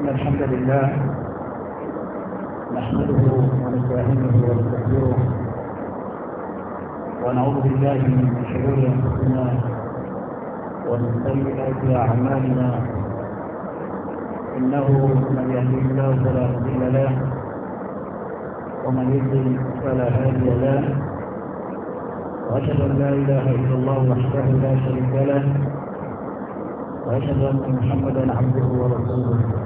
إن الحمد لله نحمده ونستعينه ونستغفره ونعوذ بالله من شرور أنفسنا ومن سيئات أعمالنا إنه من يهده الله فلا مضل له ومن يضلل فلا هادي له وأشهد أن لا إله إلا الله وحده لا شريك له وأشهد أن محمدا عبده ورسوله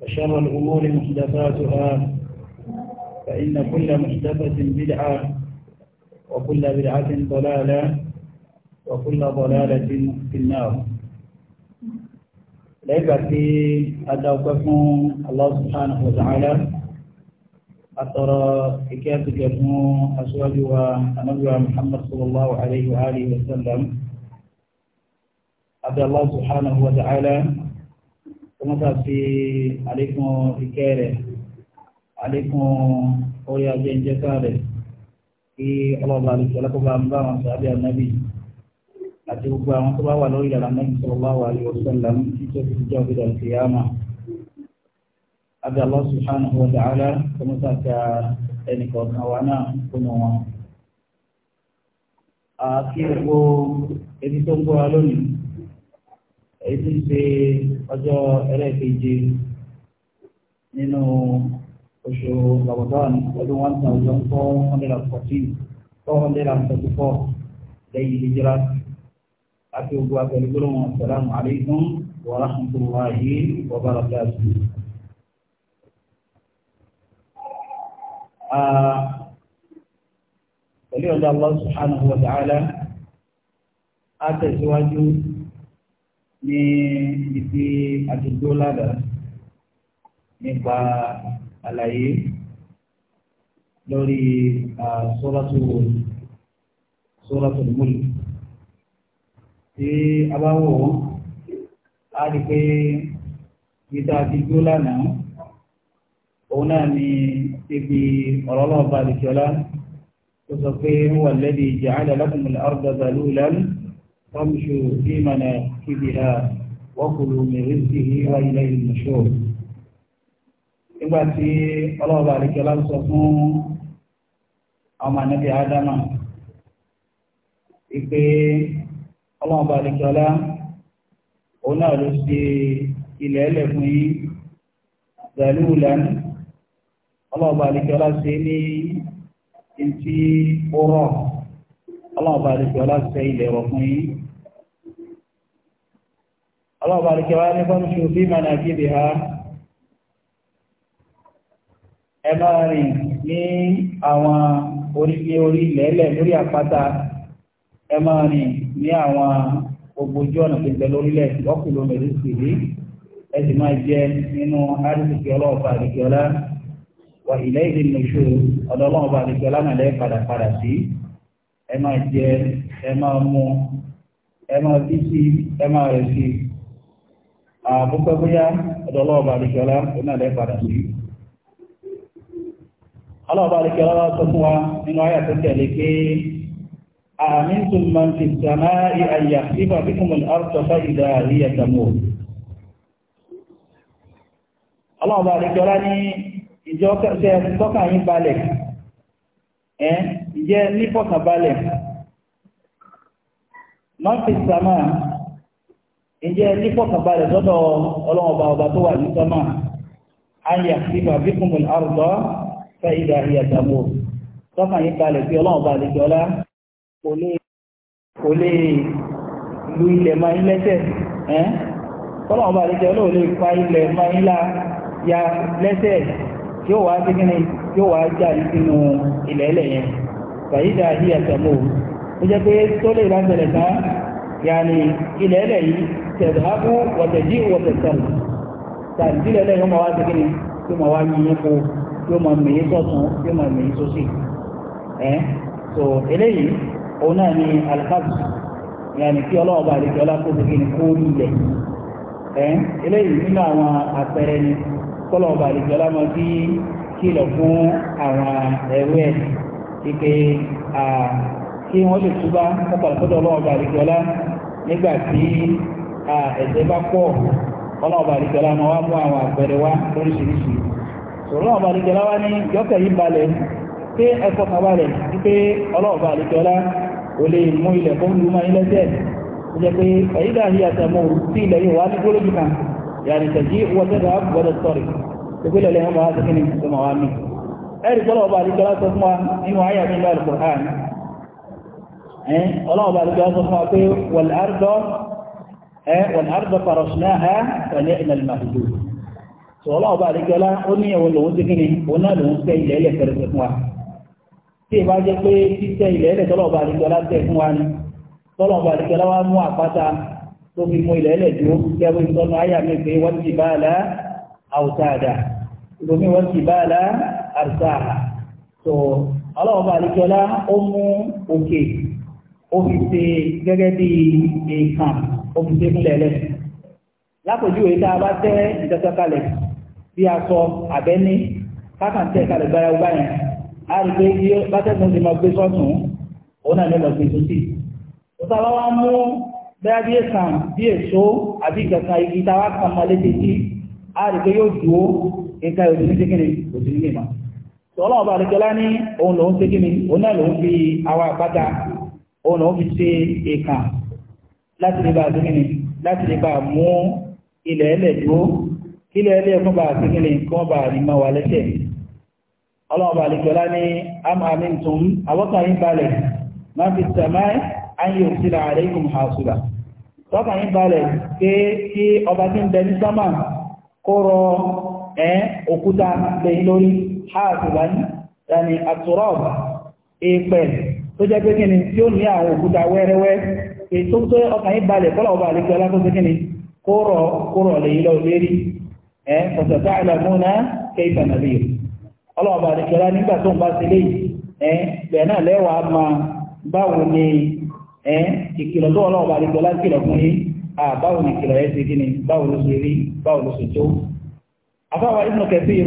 وشر الأمور محدثاتها فإن كل محدثة بدعة وكل بدعة ضلالة وكل ضلالة في النار لذا في هذا الله سبحانه وتعالى أترى حكاية جفنه أسواجها أنبيها محمد صلى الله عليه وآله وسلم عبد الله سبحانه وتعالى kọmọta fi àlékún ìkẹ́ rẹ̀ àlékún orí ajẹjẹta rẹ̀ kí ọlọ́ba àlùkò ọlọ́kọ̀ọ́ba ń bá wọn sàbí ànábì àti gbogbo àwọn tó bá wà lórí ìlànà ànábì sallallahu alaihi wasallam títí fi jẹ́ òbí dàrú kìyàmà. abẹ́ Allah subhanahu wa ta'ala kọmọta fi ẹnìkọ̀ọ̀kan wa náà kúnnù wọn. àti gbogbo ebi tó ń gbọ́ wa lónìí èyí tí ń ṣe ọjọ́ ẹlẹ́ẹ̀keje nínú oṣù Ramadan ọdún one thousand four hundred and fourteen four hundred and thirty four lẹ́yìn hijira àti ogun abẹ́lẹ́gbẹ́rún asalaamu aleykum wa rahmatulahi wa barakatuh. pẹ̀lú ọ̀dọ̀ Allah subhanahu wa ta'ala a tẹ̀síwájú ní ibi tí a ti dó ládàá nípa àlàyé lórí sọ́rọ́tù sọ́rọ́tù múlù tí a bá wò ó a rí pé ibi tá a ti dó lánàá òun náà ni ibi ọ̀rọ̀ ọlọ́ọ̀bá àdìsọ́lá tó sọ pé huwa alladhi ja'ala lakumul arda zalulan. فامشوا في مناكبها وكلوا من رزقه وإليه النشور nígbà tí ọlọ́ọ̀bà àríkẹ́lá sọ fún ọmọ ànábì ádámà wípé ọlọ́ọ̀bà àríkẹ́lá òun náà ló ṣe ilẹ̀ ẹlẹ̀ fún yín pẹ̀lú ìlànà ọlọ́ọ̀bà àríkẹ́lá ṣe ní ntí ó rọ̀ ọlọ́ọ̀bá àdìsí ọlọ́sẹ̀ ilẹ̀ rọ̀ fún yín ọlọ́ọ̀bá àdìsí ọlá ní fọ́nṣù bí mànà gidi ha ẹ máa rìn ní àwọn oríṣi orí lẹ́lẹ̀ lórí àpáta ẹ máa rìn ní àwọn gbogbo ojú ọ̀nà tó ń bẹ lórílẹ̀ lọ́kùnrin lómi ló sì rí ẹ sì máa jẹ nínú àdìsí ọlọ́ọ̀bá àdìsí ọlá wà ilẹ̀ ìdí nìṣó ọ̀dọ́ ọlọ́ọ̀bá àdìsí ọlá nàlẹ́ padà padà sí ẹ máa jẹ ẹ máa mu ẹ máa bí sí ẹ máa rẹ̀ sí àbúkọ bóyá ọ̀dọ̀ ọlọ́ọ̀bà àdìgbọ́lá ó náà lẹ́ padà sí. ọlọ́ọ̀bà àdìgbọ́lá wá sọ fún wa nínú ayà tó tẹ̀lé pé أأمنتم من في السماء أن يخسف بكم الأرض فإذا هي تمور ọlọ́ọ̀bà àdìgbọ́lá ní ìjọ tọ́ka yín balẹ̀ ìjẹ́ nífọ̀kànbalẹ̀ nọ́ọ̀tì sàmà ìjẹ́ nífọ̀kànbalẹ̀ lọ́dọ̀ ọlọ́ọ̀bà ọba tó wà ní sàmà ayé àfihàn bíkùnmùn àrùtọ́ fẹ́ ìdá ìyàtàmù tọ́kà yí balẹ̀ pé ọlọ́ọ̀bà àlejòọlá kò lè lu ilẹ̀ máa ń lẹ́sẹ̀ ẹ́ ọlọ́ọ̀bà àlejòọlá ò lè pa ilẹ̀ máa ń la ya lẹ́sẹ̀ yóò wá sí kíni yóò wá jáde sínú ilẹ̀ ẹlẹ́yẹn fàyídà àdí àtẹ̀mọ́ ó jẹ́ pé tó lè bá bẹ̀rẹ̀ ká yàní ilẹ̀ ẹlẹ̀ yìí tẹ̀dáàbù wọ̀tẹ̀dí wọ̀tẹ̀tẹ̀lù tàbí ilẹ̀ ẹlẹ̀ yóò máa wá so eléyìí òun náà ni alikabs yàní kí ọlọ́wọ́ bá àlejò ọlá kó sí kíni kó ilẹ̀ ẹ̀ eléyìí nínú àwọn àpẹẹrẹ ni kọ́lọ́wọ́ bá àlejò ọlá máa fi fún àwọn ẹ̀rú ẹ̀ ike kí wọ́n lè túbá kápá lọ́dọ̀ ọlọ́wọ́ bá àdìgbọ́lá nígbà tí ẹ̀jẹ̀ bá pọ̀ ọlọ́wọ́ bá àdìgbọ́lá máa wá mú àwọn àpẹẹrẹ wá lóríṣiríṣi ọlọ́wọ́ bá àdìgbọ́lá wá ní yọ́kẹ̀ yìí balẹ̀ pé ẹ̀kọ́ kabalẹ̀ wípé ọlọ́wọ́ bá àdìgbọ́lá ò lè mú ilẹ̀ fún lùmọ́ ilẹ̀ jẹ́ jẹ́ pé ẹ̀yídà yìí àtẹ̀mọ́ ẹ̀rì pọ́lọ̀ ọba àríkọlá sọ fún wa nínú ayà ní ìlú alìkọ̀hán ẹ̀ ọlọ́ọ̀bà àríkọlá sọ fún so ọlọ́ọ̀bà àríkọlá ó ní ẹ̀wọ̀n lòun ti kíni òun náà lòun tẹ ilẹ̀ ilẹ̀ fẹ̀rẹ̀ fún wa tí ìbá jẹ́ pé títẹ ilẹ̀ ilẹ̀ tọ́lọ̀ọ̀bà àríkọlá tẹ fún wa ni tọ́lọ̀ọ̀bà àríkọlá wa mú àpáta tó àrísàrà so ọlọ́wọ́ bá àlejòlá ó mú òkè ó fi ṣe gẹ́gẹ́ bí èèkàn ó fi ṣe fúnlẹ̀ lẹ̀ lápòjúwe tá a bá tẹ́ ìtẹ́tẹ́ kalẹ̀ bí aṣọ àbẹ́ní kákàntẹ́ kalẹ̀ gbára ọgbà yẹn a rí pé bí bátẹ́gùn ti máa gbé sọ́tún òun náà ní ọ̀gbìn tó sì tó sábà wá mú bẹ́ẹ̀ bí èsàn bí èso àbí ìkẹ̀kẹ̀ igi tá a wá kàn mọ́ létí sí a rí pé yóò dúró nǹkan ìròyìn ní tọ́lọ́ ọba àríkẹ́lá ní òun lòun ṣe kí ni òun náà lòun fi àwọn àpáta òun lòun fi ṣe èkà láti lè bá a ṣe láti lè bá a mú ilẹ̀ ẹlẹ̀ dúró kí ilẹ̀ ẹlẹ̀ fún bá a kí ni kí wọ́n bá a rí máa wà ní balẹ̀ máa fi ayé ọba tí ń bẹ ní kó hasiban yàní àtúrọ́b èèpẹ̀ tó jẹ́ pé kíni tí ó ní àwọn òkúta wẹ́rẹ́wẹ́ ètò tó ọkàn yí balẹ̀ kọ́lọ̀ ọba àlejò alákóso kíni kóró kóró lèyí lọ lérí ẹ ọ̀sẹ̀ tó àìlàmúná kéèkà nàbí ọlọ́ọ̀bà àlejò alá nígbà tó ń bá sí léyìí ẹ bẹ̀ẹ̀ náà lẹ́wàá máa báwo ni ẹ ìkìlọ̀ tó ọlọ́ọ̀bà àlejò alá kìlọ̀ fún yín àbáwo ni ìkìlọ̀ ẹ ti kíni báwo ló ṣe rí báwo ló ṣe tó afáwa Ibn Kathir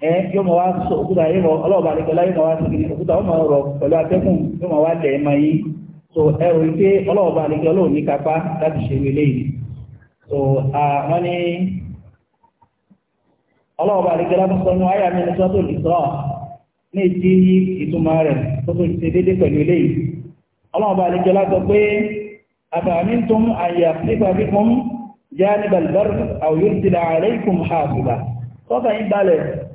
ẹ yóò mọ̀ wá sọ òkúta yóò mọ̀ ọlọ́ọ̀bà àríkọlá yóò mọ̀ wá síkiri òkúta ọmọ ọ̀rọ̀ pẹ̀lú atẹ́kùn yóò mọ̀ wá lẹ̀ ẹ̀mọ̀ yìí so ẹrù pé ọlọ́ọ̀bà àríkọlá ò ní kápá láti ṣe wele yìí so wọ́n ní ọlọ́ọ̀bà àríkọlá tó sọ ní wáyà mi ní sọ́tò ìsọ́ ní ti ìtumọ̀ rẹ̀ tó tó ṣe déédé pẹ̀lú ilé yìí ọlọ́ọ̀bà àríkọlá sọ pé àbàmíntum àyà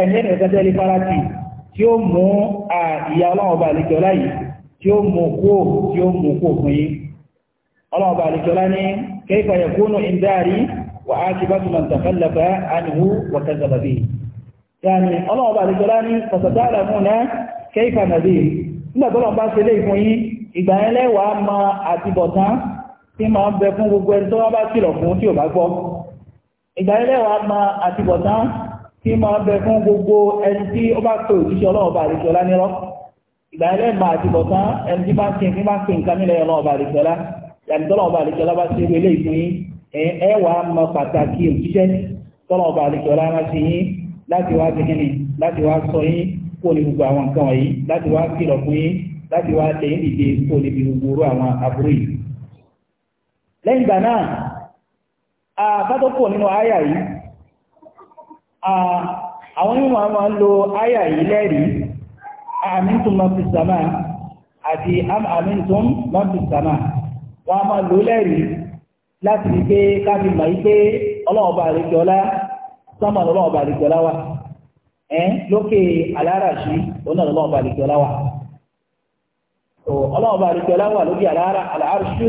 ẹ̀ní ẹ̀kẹ́tẹ́ lè fara tì tí ó mú ìyá ọlọ́ọ̀bà àlejọ́lá yìí tí ó mú kó tí ó mú kó fún yín ọlọ́ọ̀bà àlejọ́lá ní kayfa yakunu indari wa akibatu man takhallafa anhu wa kadhaba bihi yàní ọlọ́ọ̀bà ní fasata'lamuna kayfa nadhir nígbà tó lọ́ọ̀bá bá kìlọ̀ fún tí ò tí máa bẹ fún gbogbo ẹni tí ó bá pè òṣìṣẹ́ ọlọ́run ọba àdìsọ́lá nírọ́ ìgbà ẹlẹ́ máa ti bọ̀ tán ẹni tí máa ń pè máa ń pè nǹkan nílẹ̀ ọlọ́run ọba àdìsọ́lá yàtọ̀ ọlọ́run ọba àdìsọ́lá bá ṣe wọlé ìpín ẹ wà á mọ pàtàkì òṣìṣẹ́ tọ́lọ́run ọba àdìsọ́lá máa ṣe yín láti wá ti kíni láti wá sọ yín kó ní gbogbo àwọn nǹkan wọ̀nyí láti wá kìlọ̀ fún yín láti wá tẹ̀ yín dìde kó ní gbogbo orú àwọn aburú yìí. lẹ́yìn ìgbà náà àwọn onímọ̀ a máa lo àyà yìí lẹ́rìí àmìntún mọ́fìsàmà àti àmìntún mọ́fìsàmà wọ́n a máa lò lẹ́rìí láti rí pé káfí mọ̀ yí pé ọlọ́ọ̀bà àríkọ́lá sọ́mọ̀ ọlọ́ọ̀bà àríkọ́lá wà ẹ́ lókè aláràṣí ọlọ́ọ̀bà àríkọ́lá wà lókè aláràṣí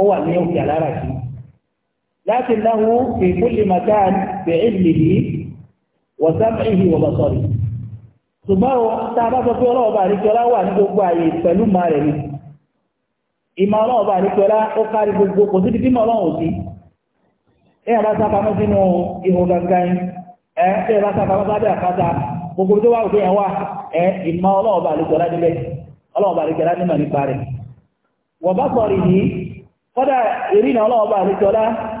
ó wà ní òkè aláràṣí لكن له في كل مكان بعلمه وسمعه وبصره ṣùgbọ́n tá a bá sọ pé ọlọ́ọ̀bá àríkẹ́lá wà ní gbogbo ààyè pẹ̀lú ma rẹ̀ ni ìmọ̀ ọlọ́ọ̀bá àríkẹ́lá ó kárí gbogbo kò títí mọ̀ ọlọ́run sí ẹ ẹ na yàrá sápamọ́ sábẹ́ àpáta gbogbo ị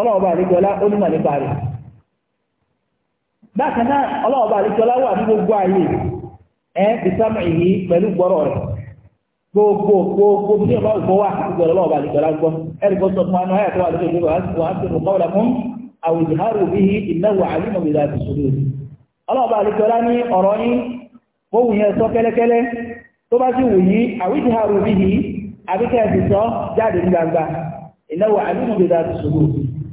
ọlọ́ọ̀bá àríkọlá ó nímọ̀ nípa rẹ̀ bákan náà ọlọ́ọ̀bá àríkọlá wà ní gbogbo ayé ẹ̀ ìsámù ìhí pẹ̀lú gbọ́rọ̀ rẹ̀ gbogbo gbogbo bí ọba ògbó wà gbogbo ọlọ́ọ̀bá àríkọlá gbọ́ ẹ̀rí kó sọ fún anú ayàtọ̀ wà lókè gbogbo wà sí ọkọ̀ ọ̀la fún àwùjáhàrù bí ìnáwó àlímọ̀ ìlà ìṣòro ọlọ́ọ̀bá àríkọlá ní ọ̀rọ̀ yín ó wù yẹn sọ bí àbíkẹ́ ẹ̀sìn sọ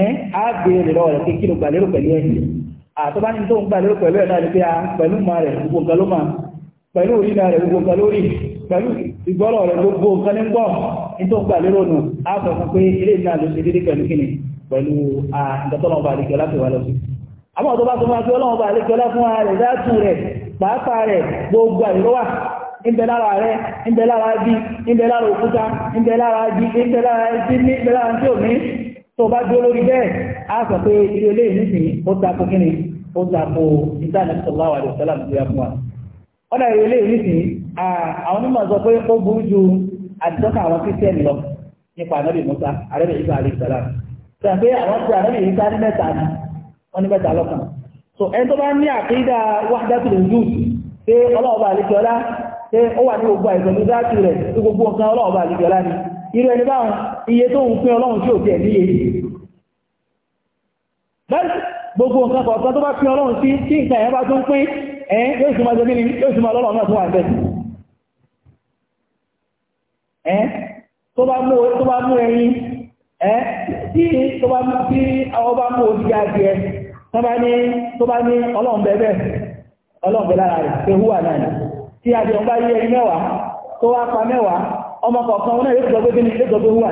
ẹ́ á e lọ́wọ́ rẹ̀ pé kí ló gbàlérò pẹ̀lú ẹ̀jẹ̀ àtọ́bá ní tó ń pẹ̀lú a pẹ̀lú ma rẹ̀ gbogbo nǹkan ló ma pẹ̀lú orí rẹ̀ gbogbo nǹkan lórí pẹ̀lú ìgbọ́rọ̀ rẹ̀ gbogbo nǹkan ní gbọ́ ní tó ń nù á sọ fún pé ilé ló ṣe dédé pẹ̀lú kíni pẹ̀lú lára rẹ̀ lára bí lára òkúta tó bá dúró lórí bẹ́ẹ̀ á sọ pé ilé ilé ìlúsìn ó tako kí ni ó tako ìdáná sallallahu alaihi wasallam tó yà fún wa ọ̀dà ilé ilé ìlúsìn àwọn onímọ̀ sọ pé ó burú ju àdìsọ́kà àwọn kírísítẹ́nì Musa àrẹ́bẹ̀ Isa alaihi salam sọ pé àwọn ti ànábì Isa ní mẹ́ta ni wọ́n ní mẹ́ta so ẹni tó bá ní àkídà wahdatul wujud pé ọlọ́ọ̀bà àlejò ọlá pé ó wà ní gbogbo àìsàn ní dáàtì rẹ̀ ní gbogbo nǹkan ọlọ́ọ̀bà àlejò irú ẹni báwọn iye tó ń pín ọlọ́run tí tẹ̀ gbogbo nǹkan kọ̀ọ̀kan tó bá pín ọlọ́run sí tí nǹkan ẹ̀ bá tún pín ẹ̀yìn yóò sì máa jẹ́mí ni yóò sì máa lọ́lọ́run náà tó wà bẹ́ẹ̀ ẹ̀ tó bá mú ẹyin tí bá mú tó bá ní ọlọ́run ọlọ́run lára ọmọ kọ̀ọ̀kan náà yóò gbogbo gíní yóò gbogbo wà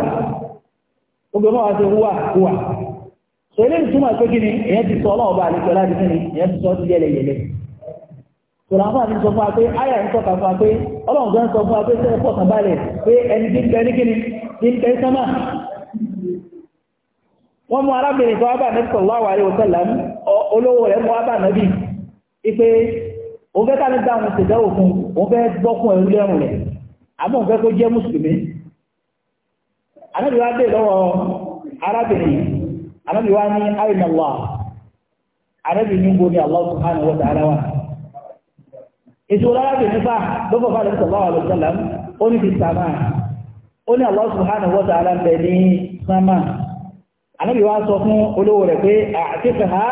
gbogbo náà wá sí wà wà so ilé ìtumọ̀ pé gíní èyàn ti sọ ọlọ́wọ́ bá àlejò láti gíní èyàn ti sọ ti yẹlẹ yẹlẹ tòlà fún àti sọ fún wa pé àyà ń tọ́ka fún wa pé ọlọ́run gan sọ fún wa pé sẹ́yìn pọ̀ kan balẹ̀ pé ẹni tí ń bẹ ní gíní tí ń bẹ sánmà wọ́n mú arábìnrin tó wá bá nẹ́bí sọ̀rọ̀ láwà àríwọ̀ sẹ́lá olówó rẹ̀ mú wá bá nẹ́bí ipe òun fẹ́ ká ní dáhùn ṣèjọ́ òfin òun fẹ́ gbọ́kùn ẹ̀rú lẹ́rùn rẹ̀ àmọ́ nǹkan tó jẹ́ mùsùlùmí anábìwá dé lọ́wọ́ arábìnrin anábìwá ní àrìnàlá arábì ní gbogbo Allah subhanahu wa ta'ala wa ètò arábìnrin fà lọ́fọ̀ fà lọ́sọ̀ bá wà lọ sọ́lá ó ní fi sàmà ó ní Allah subhanahu wa ta'ala bẹ̀ ní sàmà anábìwá sọ fún olówó rẹ̀ pé àtẹ́fẹ̀ ha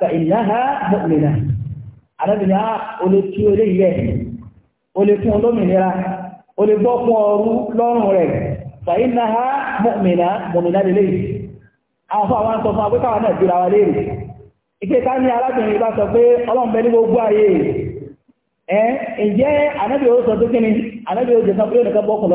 ta innaha mu'mina arábìnrin á ah, olè tí ó yẹ olè fún olómìnira o lè bọ́ fún ọrú lọ́rùn rẹ̀ na ha mọ̀mìnà mọ̀mìnà lè léyìí àwọn fún àwọn sọ fún agbékàwà náà àwọn léèrè ike ká ní arábìnrin bá sọ pé ní gbogbo ayé ni anábì ó jẹsán pé nìkan bọ́kùn ni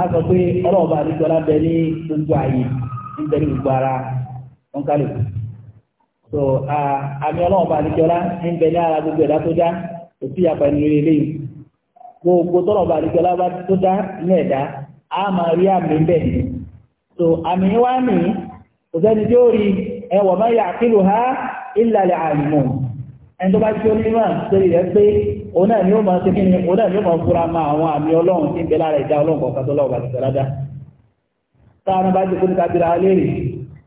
a sọ pé ọlọ́ọ̀bà àdìsọ́lá bẹ ní gbogbo so àmì ọlọ́run bá àdìjọ́lá ń bẹ ní ara gbogbo ẹ̀dá tó dá kò sí apá ẹni gbogbo tọ́lọ̀ bá bá tó dá ní ẹ̀dá a máa rí àmì ń ní so àmì wá kò sẹ́ni tí ó rí máa yà kílù ha ìlàlẹ̀ àìmọ̀ ẹni tó bá tí ó pé òun náà ni ó máa ṣe kí ni òun náà ni ó máa fura máa àwọn àmì ọlọ́run tí ń bẹ lára ìdá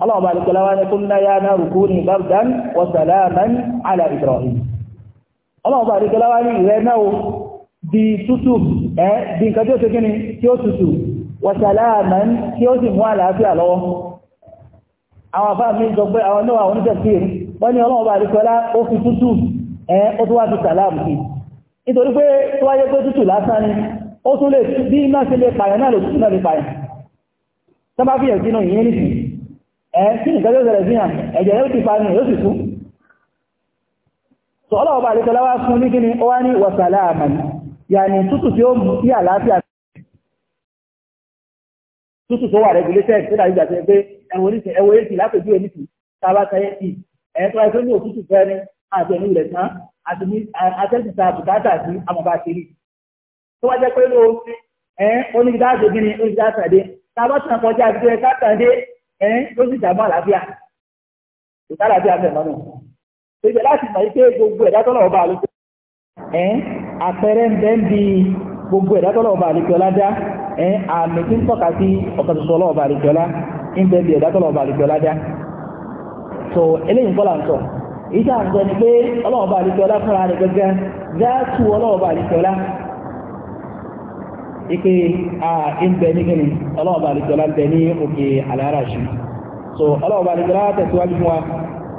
Allah bá lùkọ́lá wá ní kúnná yá náà rùkú ní bardan wa salaman ala Ibrahim Allah bá lùkọ́lá wá ní ìrẹ́ náà di tútù ẹ́ di nǹkan tí ó ṣe kíni tí ó tútù wa salaman tí ó sì mú àlàáfíà lọ́wọ́ àwọn afá mi sọ pé àwọn náà àwọn oníṣẹ́ sí wọ́n ní Allah bá lùkọ́lá ó fi tútù ẹ́ ó tún wá fi sàlám sí nítorí pé tó wáyé pé tútù lásán ni ó tún lè bí iná ṣe lè pààyàn náà lè tútù náà lè pààyàn tó bá fi hàn sínú ìyẹn nìsín ẹ̀ẹ́sí nǹkan tó ṣẹlẹ̀ síyàn ẹ̀jẹ̀ yóò ti fani yóò sì kú so ọlọ́wọ́ bá àdékọ́lá wá fún ní kíni ó wá ní wàsàlá àmàlì yàní tútù tí ó mú sí àlàáfíà tútù tó wà regulated tó dàbí ìgbàsẹ̀ pé ẹ̀wọ̀n ní ẹ̀wọ̀n èsì lápèjú ẹni tì tábà sáyẹ́ tì ẹ̀yẹ́ tó wáyé tó ní òtútù fẹ́ ní àti ẹ̀mí rẹ̀ tán àti ní atẹ́sì ta bùkátà sí àmọ̀bá kiri tó wá jẹ́ pé ló ń ẹ̀ oníbi dáàbò gíní oníbi dáàbò ẹ ló sì dààmú àlàáfíà ìta àlàáfíà fẹ̀ mọ́nà ṣèṣe láti mọ̀ ike gbogbo ẹ̀dá tọ́lọ̀ ọba àlùkò ẹ àpẹẹrẹ ń bẹ́ ń bi gbogbo ẹ̀dá tọ́lọ̀ ọba àlùkò ọlá dá ẹ àmì tí ń ọba àlùkò ọlá ń bẹ́ bi ẹ̀dá tọ́lọ̀ ọba àlùkò ọlá dá so eléyìí kọ́ là ń sọ ìta ni pé àlùkò ọlá fúnra rẹ̀ gẹ́gẹ́ ike ìbẹ̀ ní gini ọlọ́ọ̀bà àlejòlá ń bẹ ní òkè àlàárà ṣe so ọlọ́ọ̀bà àlejòlá tẹ̀síwájú fún wa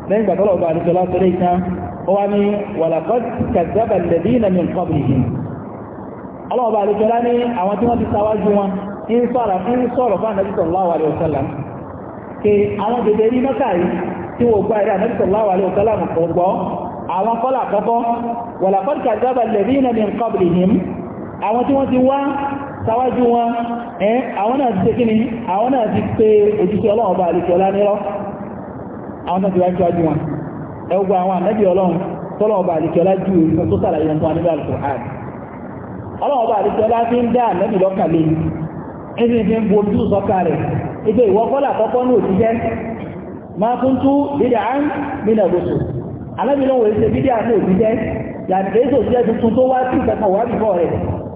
lẹ́yìn ìgbà tọ́lọ́ọ̀bà àlejòlá tó lè tán ó wá ní walaqad kazzaba alladhina min qablihim ọlọ́ọ̀bà àlejòlá ní àwọn tí wọ́n ti sáwájú wọn ń sọ̀rọ̀ fún ànábì sallallahu alaihi wasallam ke àwọn dèdè rí mọ́kàrí tí wọ́n gba ẹ̀rẹ́ ànábì sallallahu alaihi àwọn kọ́lá àkọ́kọ́ walaqad kazzaba alladhina min qablihim àwọn tí wọ́n ti wá sáwájú wọn ẹ́ àwọn náà ti tẹ́kíní àwọn náà ti pé òjíṣẹ́ ọlọ́run bá àlèkè ọlá nírọ́ àwọn náà ti wájú wájú wọn ẹgbẹ́ àwọn ànábì ọlọ́run tọ́lọ́run bá àlèkè ọlá ju ìfún tó sàlàyé wọn fún anígbà àlùkò ààrẹ ọlọ́run bá àlèkè ọlá fi ń dá ànábì lọ́kàlẹ̀ ẹni fi ń bu ojú sọ́kà rẹ̀ ibi ìwọ kọ́là kọ́kọ́ ní òṣìṣẹ́ máa tún tú bídà án nínú ẹ̀gbọ́sọ̀ alábìlọ́wọ̀ èsè bídà ní òṣìṣẹ́ yàtẹ̀ èsè òṣìṣẹ́ tuntun tó wá sí ìkẹ́kọ̀ọ́ wá bìbọ̀ rẹ̀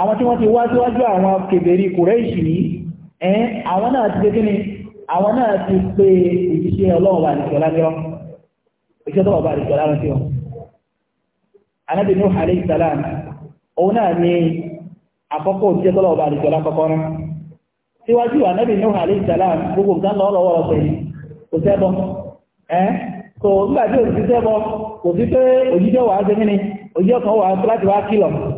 àwọn tí wọ́n ti wá síwájú àwọn kèbèrè kùrẹ́ìṣì yìí ẹn àwọn náà ti kékeré àwọn náà ti pé ìṣiṣẹ́ ọlọ́run bá nìkan lábẹ́rọ́ ìṣiṣẹ́ tó wà bá nìkan lábẹ́rọ́ sí wọn. anábì ní ọ̀hálẹ́ ìsàlám òun náà ni àkọ́kọ́ òṣìṣẹ́ tó lọ́wọ́ bá nìkan lákọ́kọ́ rán síwájú anábì ní ọ̀hálẹ́ ìsàlám gbogbo nǹkan lọ́wọ́lọ́wọ́ pẹ̀lú kò sẹ́bọ̀ ẹ́n kò nígbà tí òṣìṣẹ́ bọ̀ kò sí pé òṣìṣẹ́ wàá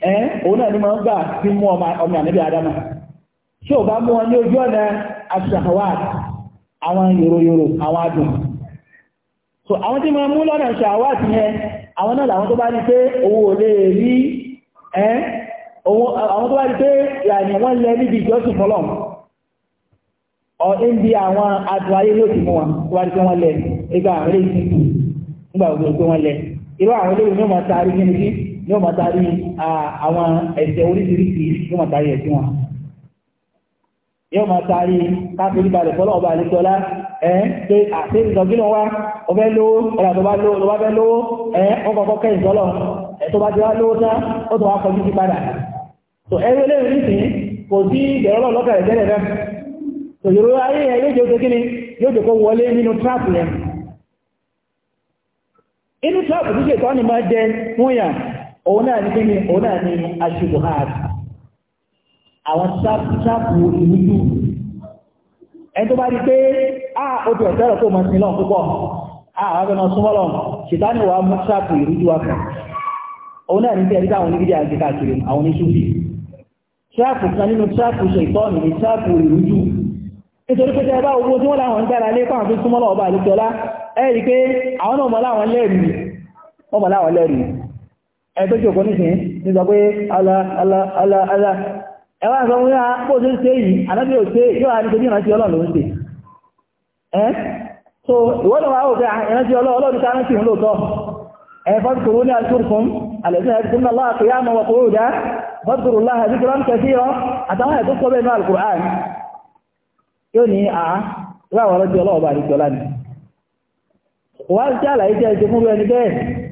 ẹ́ òun náà ni máa ń gbà sí mú ọmọ ànábì adama tí ò bá mú wọn ní ojú ọ̀nà aṣàwàd àwọn yòròyòrò àwọn adùn so àwọn tí máa mú lọ́nà aṣàwàd yẹn àwọn náà làwọn tó bá ní pé owó ò lè rí ẹ́ àwọn tó bá ní pé yàní wọ́n lẹ níbi ìjọsìn fọlọ́ ní ọmọ tari àwọn ẹ̀ṣẹ̀ oríṣiríṣi ní ọmọ tari ẹ̀sìn wọn ní ọmọ tari káfíńtì balẹ̀ fọlọ́ ọba àlejòlá ẹ̀ pé àti ìtọ́gílọ̀ wa ọbẹ̀ lówó ọ̀là tó bá lówó tó bá fẹ́ lówó ẹ̀ ọkọ̀ọ̀kọ̀ kẹ́yìn sọ́lọ̀ ẹ̀ tó bá ti wá lówó tán ó tó wá kọjú sí padà tó ẹ̀rí eléyìí nísìn kò sí ìdẹ̀rọ̀lọ́ lọ́kàrẹ̀ tẹ́lẹ̀ náà tó yòrò ayé ẹ̀ yóò jẹ́ oṣù kíni yóò jẹ́ kó wọlé nínú tíráàpù yẹn inú tíráàpù tó ṣètọ́ ni máa jẹ fún yàn òun náà ní kíni òun náà ní aṣubuhad àwọn sáàpù ìrújú ẹni tó bá rí pé a ah, ó ti ọ̀tẹ́ ọ̀tọ́ mọ̀ sí lọ́n púpọ̀ a àwọn abẹ́nà súnmọ́ lọ́n ṣìtánì wà mú sáàpù ìrújú wa kan òun náà ní bí ẹni táwọn onígídí àti káàkiri àwọn oníṣúfì sáàpù kan nínú sáàpù ṣe ìtọ́nù ní sáàpù ìrújú nítorí pé tẹ́ bá owó tí wọ́n láwọn ń gbára lé fáwọn tó súnmọ́ lọ́wọ́ bá àlùkọ́lá ẹ̀rí pé àwọn náà mọ̀ láwọn lẹ́rìí ẹgbẹ́jọ kọ́ nísìn nígbà pé aláàlá ẹwà sọ wọ́n yára pọ̀ tó ṣe yìí anábí ò ṣe yóò wá nítorí ìrántí ọlọ́run ló ń ṣe ẹ́ so ìwọ́lọ̀ wà òfẹ́ ìrántí ọlọ́run ká rántí òun lóòótọ́ ẹ fọ́dùkúrú ní alkúrkún alẹ́sìn ẹ̀kún náà láàpù yá mọ̀ wọ̀kú òdá fọ́dùkúrú láà ẹ̀bí kúrọ́ ń kẹsí ọ àtàwọn ẹ̀kọ́ sọ bẹ́ẹ̀ ní alkùrán yóò ní àá ah, ìwà àwọn ọlọ́jọ́ ọlọ́ọ̀bà àdìsọ́lá ni wọ́n á ṣe àlàyé jẹ́ ìṣe fún ẹni bẹ́ẹ̀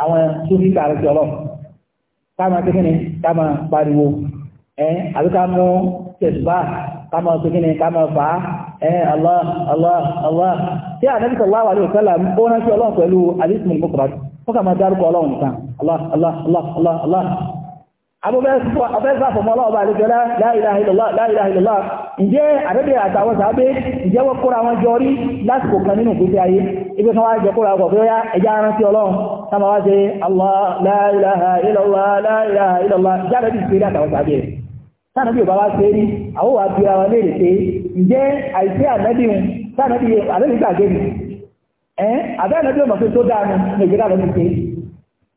àwọn súnmí tààrà sí ọlọ́run káàmà tó kíni káàmà pariwo ẹ àbí ká mú tẹ̀sùbá káàmà tó kíni káàmà fà á ẹ Allah Allah Allah tí ànábì sallallahu alaihi wasallam ó rántí ọlọ́run pẹ̀lú àdìsí mọ̀lẹ́kọ̀ọ́ ó kà máa dárúkọ ọlọ́run nìkan Allah Allah Allah Allah Allah abẹ́sà fọmọ ọlọ́ọ̀bá àlejọ́lá láìláìlọ́lá ǹjẹ́ àdẹ́bẹ̀ àtàwọn sàábé ǹjẹ́ wọ́n kóra wọn jọ rí lásìkò kan nínú ìgbésí ayé ibi kan wá jẹ kóra ọkọ̀ bóyá ẹjá rántí ọlọ́run sáma wá ṣe Allah láìláìlọ́lá láìláìlọ́lá jáde bí ìṣeré àtàwọn sàábé sáà nàbí òbá wá ṣe rí àwọn wà bí ara léèrè pé ǹjẹ́ àìsí ànábì ń sáà nàbí àlẹ́bí gbàgbé mi ẹ́ àbẹ́ ànábì ọmọ pé tó dáa nu ní ìgbéra lọ́dún ṣe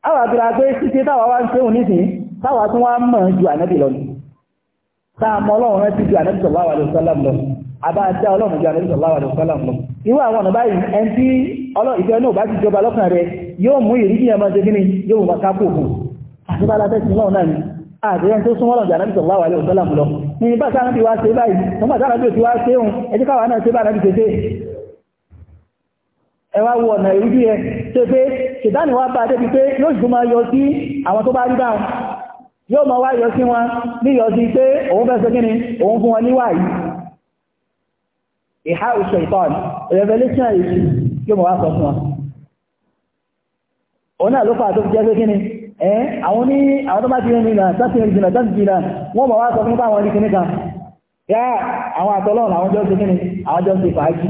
àwọn àgbèrè àgbé ṣíṣe táwa táwa tí wọ́n mọ̀ ju ànábì lọ ni táà mọ ọlọ́run rántí ju ànábì sallallahu alaihi wasallam lọ àbá dá ọlọ́run ju ànábì sallallahu alaihi wasallam lọ irú àwọn ọ̀nà báyìí ẹni tí ìfẹ́ náà bá ti jọba lọ́kàn rẹ yóò mú ìrírí ẹ̀mọ́ ṣe kíni yóò mú ká kò fún àti bá látẹ́sí náà náà ni àdéhùn tó súnmọ́ ọ̀nà ànábì sallallahu alaihi wasallam lọ ẹ ṣe pé ṣèdánì bá débi pé yóò ṣùgbọ́n yọ sí àwọn tó bá rí báwọn yóò mọ wá yọ sí wọn ní yọ sí pé òun fẹ́ ṣe kíni òun fún wọn níwà ìhá òṣè ìtọ́n èyí yóò mọ wá sọ fún wọn òun náà ló fà tó fi jẹ́ pé kíni ẹ́ àwọn ní àwọn tó bá ti rìn náà rìn wọ́n mọ̀ wá sọ fún báwọn ní kíní kan yá àwọn àtọ́lọ́run àwọn kíni àwọn fàájì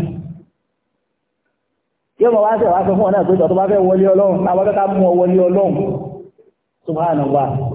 yóò wá sọ wá sọ fún wọn náà pé tó bá fẹ́ wọlé ọlọ́run àwọn tó mú ọ wọlé ọlọ́run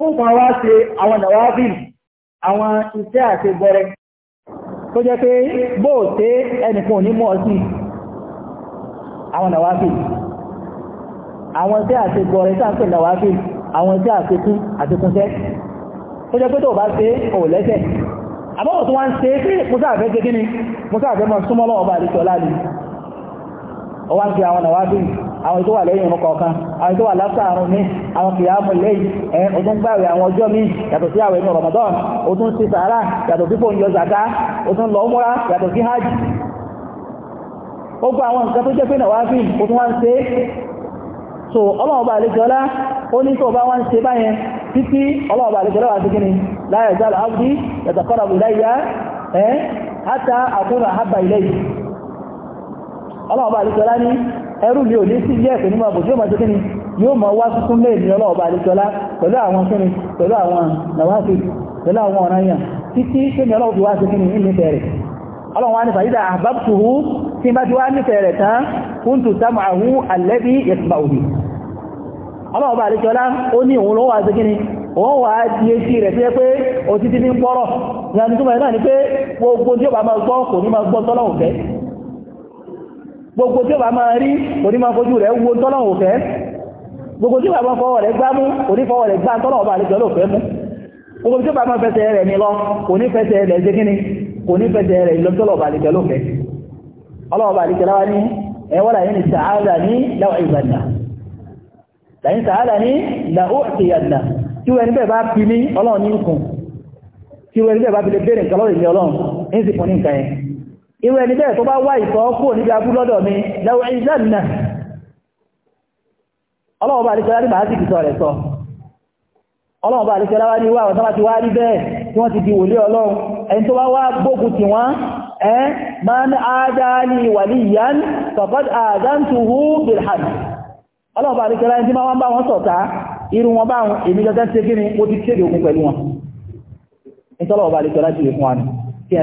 fún kan wá ṣe àwọn nàwábìl àwọn iṣẹ́ àti bẹ̀rẹ̀ tó jẹ́ pé bóò tẹ́ ẹnìkan ò ní mọ̀ sí àwọn nàwábìl àwọn iṣẹ́ àti bẹ̀rẹ̀ sáàpẹ̀ nàwábìl àwọn iṣẹ́ àtikún àtikúnṣẹ́ tó jẹ́ pé tó bá ṣe ò lẹ́sẹ̀ àbọ̀wọ̀ tó wá ń ṣe ni mọ́sáàfẹ́ mọ́ súnmọ́ lọ́wọ́ bá àdíṣọ́lá ni ọwá àwọn tó lẹ́yìn ìrun kọ̀ọ̀kan àwọn tó lásàárùn mi àwọn kìyàmù lẹ́yìn ẹ o tún gbàwé àwọn ọjọ́ mi yàtọ̀ sí àwẹ̀ inú Ramadan o tún ṣe sàárà yàtọ̀ sí fòun yọ o tún lọ múra yàtọ̀ sí hajj ó àwọn nǹkan tó jẹ́ pé náà wá fi o tún wá ń ṣe so ọlọ́ọ̀bà àlejọ́lá ó ní tó bá wá ń ṣe báyẹn títí ọlọ́ọ̀bà wà sí ọlọ́ọ̀bá àríkọlá ní ẹrù mi ò ní sí ilé ẹ̀kọ́ nímọ̀ àbò tí ó máa ṣe kíni yóò máa wá tuntun méèlì ọlọ́ọ̀bá àríkọlá pẹ̀lú àwọn kíni pẹ̀lú àwọn nàwáṣe pẹ̀lú àwọn ọ̀ràn yàn títí kíni ọlọ́ọ̀ fi wá ṣe kíni ìlú tẹ̀rẹ̀ ọlọ́run wá ní fàyídà àbábùtùhù tí bá ti wá nífẹ̀ẹ́ rẹ̀ tán kúntù sámàáhù alẹ́bí yẹ̀sùmá òbí ni pé gbogbo ó ní gbogbo tí ó bá máa rí òní máa fojú rẹ̀ wo tọ́lọ́wọ̀ fẹ́ gbogbo tí ó bá máa fọwọ́ rẹ̀ gbá mú òní fọwọ́ rẹ̀ gbá tọ́lọ́wọ̀ bá àlejò lọ́fẹ́ mú gbogbo tí ó bá máa fẹsẹ̀ rẹ̀ ní lọ òní fẹsẹ̀ rẹ̀ ṣe kíni òní fẹsẹ̀ rẹ̀ lọ tọ́lọ́wọ̀ bá àlejò lọ́fẹ́ ọlọ́wọ̀ bá àlejò láwa ní ẹwọ́ làyín ní sàádà ní láwà ìbàdà làyín sàádà ní làó ìyàdà irú ẹni bẹ́ẹ̀ tó bá wá ìtọ́ kúrò níbi abú lọ́dọ̀ mi lẹ́wọ́ ìlànà ọlọ́ọ̀bá àríkẹ́lá ní bàá sì kìtọ̀ rẹ̀ sọ ọlọ́ọ̀bá àríkẹ́lá wá ní wà wọ́n tọ́lá ti wá rí bẹ́ẹ̀ tí wọ́n ti di wòlé ọlọ́run ẹni tó bá wá gbógun tì wọ́n ẹ́ máa ń áádá ní wàlíyàn faqad àádántuhu bilhad ọlọ́ọ̀bá àríkẹ́lá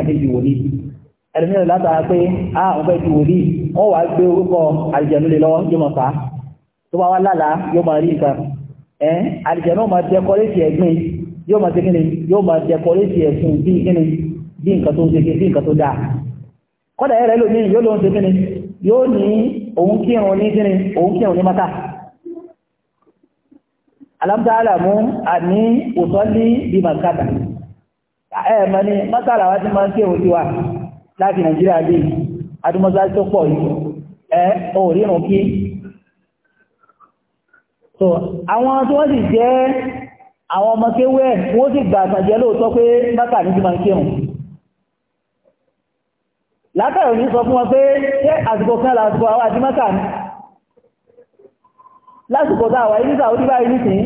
ní ẹlòmíràn látara pé a ò fẹ́ ju wòlíì wọ́n wàá gbé orúkọ àlìjẹ̀nu lè lọ́wọ́ yóò máa fà á tó bá wá lálàá yóò máa rí nǹkan ẹ àlìjẹ̀nu máa dẹkọrétì ẹ̀gbin yóò máa segin ni yóò máa dẹkọrétì ẹ̀sùn bí kíni bí nǹkan tó ń segin bí nǹkan tó dáa kọ́dà ẹ̀rẹ́ lómi yóò lóun segin ni yóò ní òun kírun ní kíni òun kírun ní mọ́tà alámtàálàmú àní òsọ́lí bí màkàtà ẹ̀ẹ̀mọ́ ni mọ́tà làwọn ti máa ń kírun tiwa láti nàìjíríà lè adúmọ́sáàtì tó pọ̀ yìí ẹ òórìrùn kí so àwọn tí wọ́n sì jẹ́ àwọn ọmọ kéwẹ́ wọ́n sì gbà àtàjẹ́ lóòótọ́ pé mẹ́ta ní ti máa ń kírun látàrí òní sọ fún wọn pé ṣé àsìkò kan làsìkò àwọn àti mẹ́ta ní lásìkò táwà ní Saudi báyìí nìsín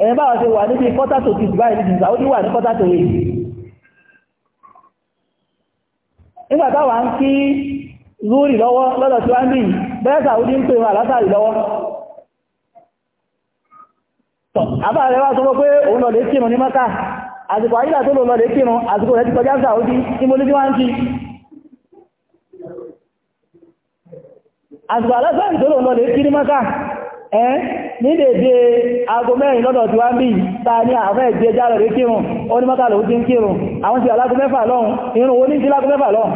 ẹ̀yìn báwọn ṣe wà níbi kọ́tà tó ti báyìí nìsín Saudi wà ní kọ́tà tó yìí nígbà ń kí lórí lọ́wọ́ lọ́dọ̀ tí wá ń bì bẹ́ẹ̀ sàúdí ń pè wọn lọ́wọ́ àbá wá sọ pé òun lọ lè kírun ní mọ́ta àsìkò àyílà tó lò lọ lè kírun àsìkò rẹ̀ ti kọjá ń sàúdí ní mo lójú ní tí wá ń bí àwọn ẹ̀jẹ́ jálọ̀ mẹ́fà lọ́hun irun ní sí lágo mẹ́fà lọ́hun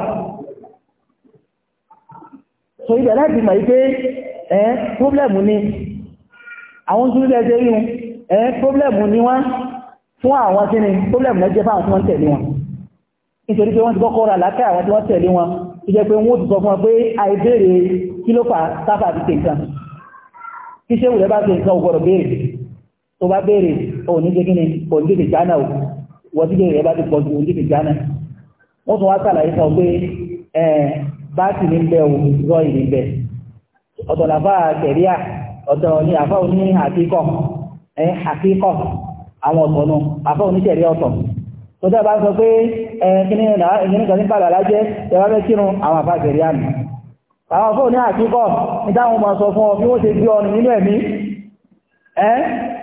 so ibẹ̀ láti mọ̀ yí pé ẹ́ pọ́blẹ̀mù ni àwọn tún lẹ́ ṣe ríun ẹ́ pọ́blẹ̀mù ni wọ́n fún àwọn tí ni pọ́blẹ̀mù náà jẹ́ fáwọn tí wọ́n tẹ̀lé wọn nítorí pé wọ́n ti kọ́kọ́ ra lákẹ́ àwọn tí wọ́n tẹ̀lé wọn tó jẹ́ pé wọ́n ti sọ fún wọn pé àìbéèrè kí ló fà sábà fi ṣe nǹkan kí ṣé wùlẹ́ bá ṣe nǹkan ògbọ̀rọ̀ béèrè tó bá béèrè ò ní ṣe kíni ò ní tètè jánà ò wọ́n ti béèrè bá ti pọ̀ ju ò ní tètè jánà wọ́n tún wá sàlàyé sọ pé báàtì ní bẹ́ẹ̀ o rọ ìrìn bẹ́ẹ̀ ọ̀tọ̀ làfà tẹ̀ríà ọ̀tọ̀ ní àfà òní àkíkọ̀ ẹ̀ àkíkọ̀ àwọn ọ̀tọ̀ nù àfà òní tẹ̀ríà ọ̀tọ̀ tó tẹ́ bá sọ pé ẹ kíní kan ní bàbá alájẹ́ tẹ bá fẹ́ kírun àwọn àfà tẹ̀ríà nù àwọn àfà òní àkíkọ̀ ní táwọn máa sọ fún ọ bí wọ́n ṣe gbé ọ nínú ẹ̀mí ẹ́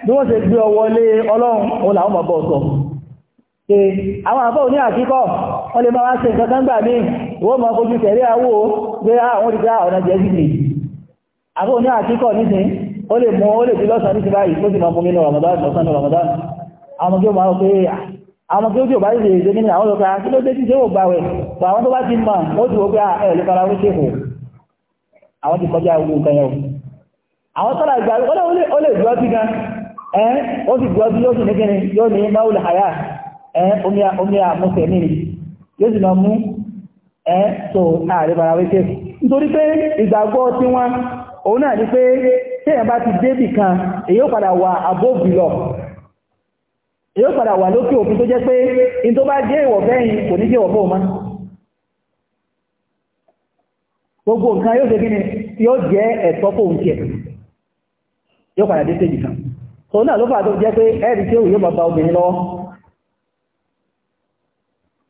bí wọ́n ṣe gbé ọ wọlé òun làwọn mọ̀ bọ̀ sọ àwọn àfà òní àkíkọ̀ wọ́n lè máa wá ṣe nǹkan kan gbà mí wọ́n máa fojú tẹ̀lé àwò pé àwọn ah, olùdá ọ̀nà jẹ́ sí ni àbó ní àkíkọ̀ nísìn ó lè mú ó lè fi lọ́sàn ní ti báyìí tó sì máa fún mi ní Ramadan lọ́sàn ní Ramadan àwọn ọmọdé máa pé ah, àwọn tó jò bá ṣe ìṣe nínú àwọn ọlọ́pàá ah, kí ló dé tí ṣéwò gbà wẹ̀ pa àwọn tó bá ti mọ̀ ó ti wò pé ẹ̀ lè fara wíṣẹ́ kù àwọn ti kọjá ogun nǹkan yẹn o àwọn tọ́lá ìgbà ó lè gbọ́ sí gan ẹ́ ó sì gbọ́ sí yóò sì ní kíni yóò ní máwùlù àyà ẹ́ omi àmúṣẹ́ nínú yóò sì lọ mú ẹ́ tó ààrẹ bara wéṣẹ́ nítorí pé ìgbàgbọ́ tí wọ́n òun náà ni pé téèyàn bá ti débì kan èyí ó padà wà above lọ èyí ó padà wà lókè òfin tó jẹ́ pé in tó bá jẹ́ ìwọ̀fẹ́yìn kò ní jẹ́ ìwọ̀fẹ́ òun mọ́ gbogbo nǹkan yóò ṣe ni yóò jẹ́ ẹ̀tọ́ fóun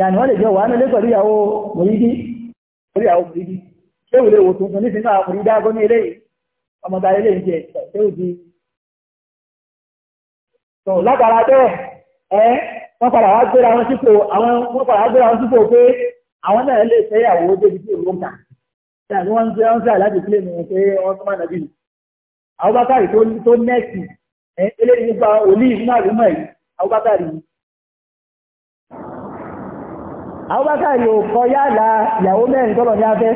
yàní wọ́n lè jọ wà nílé pẹ̀lú ìyàwó mùrídí pẹ̀lú mùrídí ṣé òun lè wò tuntun ní sinú àwọn mùrídí ní ilé ilé ṣé òdi. tó látara bẹ́ẹ̀ ẹ wọ́n padà wá gbéra wọn sípò àwọn wọ́n padà wá gbéra wọn sípò pé àwọn náà lè fẹ́ ìyàwó débi tí òun kà pé wọ́n tún máa nàbí àwọn bákàrí tó nẹ́ẹ̀sì àwọ́bákà yóò kọ yáàlá ìyàwó mẹ́rin tọ́lọ̀ ní afẹ́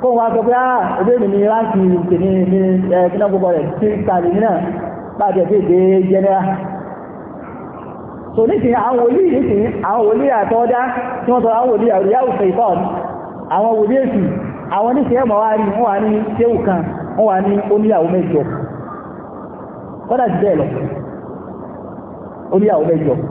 kó wọn sọ pé áà ah, òbí ní ráǹkì kìíní ní ẹ̀kínà gbogbo rẹ̀ tí jẹ́nẹ́ra àwọn wòlíì àwọn wòlíì àtọ́dá tí wọ́n sọ àwọn wòlíì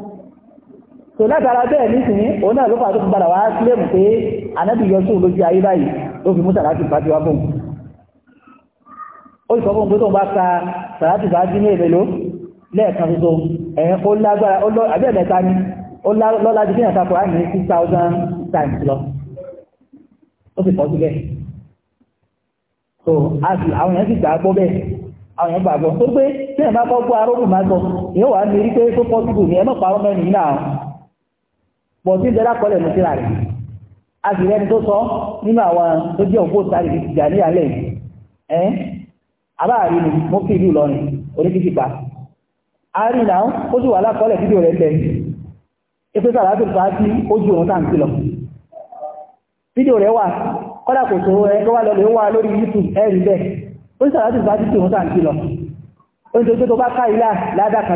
so látara bẹ́ẹ̀ nísìnyí òun náà ló fà tó fi padà wá sílẹ̀mù pé ànábì yọsùn lójú ayé báyìí ló fi mú sàlátì bá ti wá fún un ó sọ fún un pé tóun bá ka sàlátì bá dín ní èmèló lẹ́ẹ̀kan tuntun ẹ̀yìn ó lágbára àbí ẹ̀mẹ́ta ni ó lọ́la ju kíyàn kakọ̀ láti ní six thousand times lọ ó sì pọ̀ síbẹ̀ so àwọn èèyàn sì gbà gbọ́ bẹ́ẹ̀ àwọn èèyàn gbàgbọ́ tó pé tí ẹ̀ bá kọ́ gbọ́ arógùn máa sọ ìyẹn wà á ní rí pé tó pọ́ síbù bọ̀ tí ìjọba kọ́lẹ̀ ló ti rà rẹ̀ a sì rẹ́ni tó sọ nínú àwọn tó jẹ́ òkú òsáré ti jà ní alẹ́ ẹ̀ abáàrí ni mo fi ìlú lọ rìn oníkìtìpa a rí náà ó sì wà lákọ́lẹ̀ fídíò rẹ̀ bẹ̀ ipe sàlátì fà á sí ojú òun táǹtì lọ fídíò rẹ̀ wà kọ́dà kò tó ẹ tó wà lọ wà lórí YouTube ẹ̀rí bẹ́ẹ̀ ó sì sàlátì fà á sí ojú òun táǹtì lọ ó ní tó tó bá ká ilá ládàkà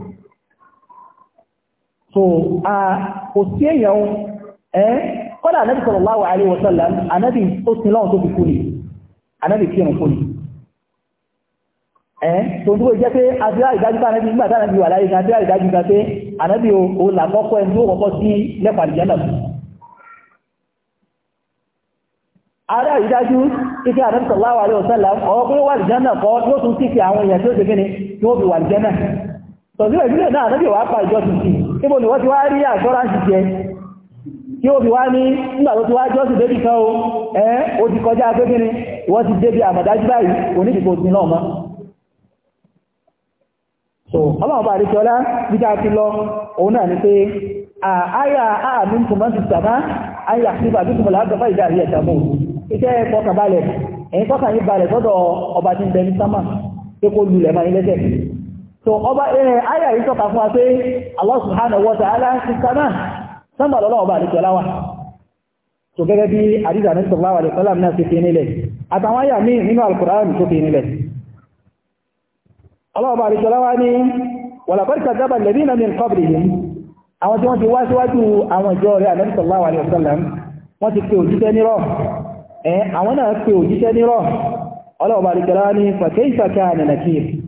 so a kò sí èèyàn ẹ́ kọ́dà anábì sallallahu alaihi wasallam anábì tó ti lọ́wọ́ tó fi kú ni anábì kí ẹ̀rùn kú ni ẹ́ tó ń dúró jẹ́ pé adúrà ìdájú bá anábì nígbà tánábì wà láyé adúrà ìdájú bá pé anábì ò làkọ́kọ́ ẹni tó kọ́kọ́ sí lẹ́pàá àdìjẹ́ náà ara ìdájú ìfẹ́ ànábì sallallahu alaihi wasallam ọwọ́ pé wà ìjánà kọ́ yóò tún sí fi àwọn èèyàn tí ó ṣe gíní tí ó fi wà ìjánà tọ̀síwẹ̀ ìjúlẹ̀ náà ànábì wà pa ìjọ tuntun níbo ni wọ́n ti wá rí àṣọ́ráǹsì jẹ tí ó fi wá ní nígbà tó ti wá jọ́sì débi kan o ẹ́ o ti kọjá agbégbéni wọ́n ti débi àmàdájú báyìí onídìbò ti náà mọ́ so àríkẹ́ ọlá jíjá ti lọ òun náà ni pé àyà àmì ń kùnmọ́ ti sàmá àyà sí bàbí kùnmọ́ lágbàfà ìdá àríyà ìjàmù iṣẹ́ kọkàn balẹ̀ ẹ̀yìn kọkàn yìí balẹ̀ sọ́dọ̀ ọba ti ń bẹ sámà pé kó lulẹ̀ máa ń lẹ́sẹ̀ so ọba ẹ̀rẹ̀ ayà yìí tọ́ka fún wa pé Allah subhanahu wa ta'ala ti sáná sánbà lọ́lọ́ ọba àdìsọ́ láwà so gẹ́gẹ́ bí àdìsà ní sọ̀rọ̀ àwàlẹ̀ sọ́lá náà ti fi nílẹ̀ àtàwọn ayà míì nínú al-Qur'an tó fi nílẹ̀ ọlọ́ọ̀bà àdìsọ́ láwà ní wàlàkọ́ríkà dábà lẹ́bí náà min qablihim àwọn tí wọ́n ti wá síwájú àwọn ìjọ rẹ̀ àdìsọ́ sallallahu alaihi wasallam wọ́n ti pe òjíṣẹ́ nírọ̀ ẹ̀ eh, àwọn náà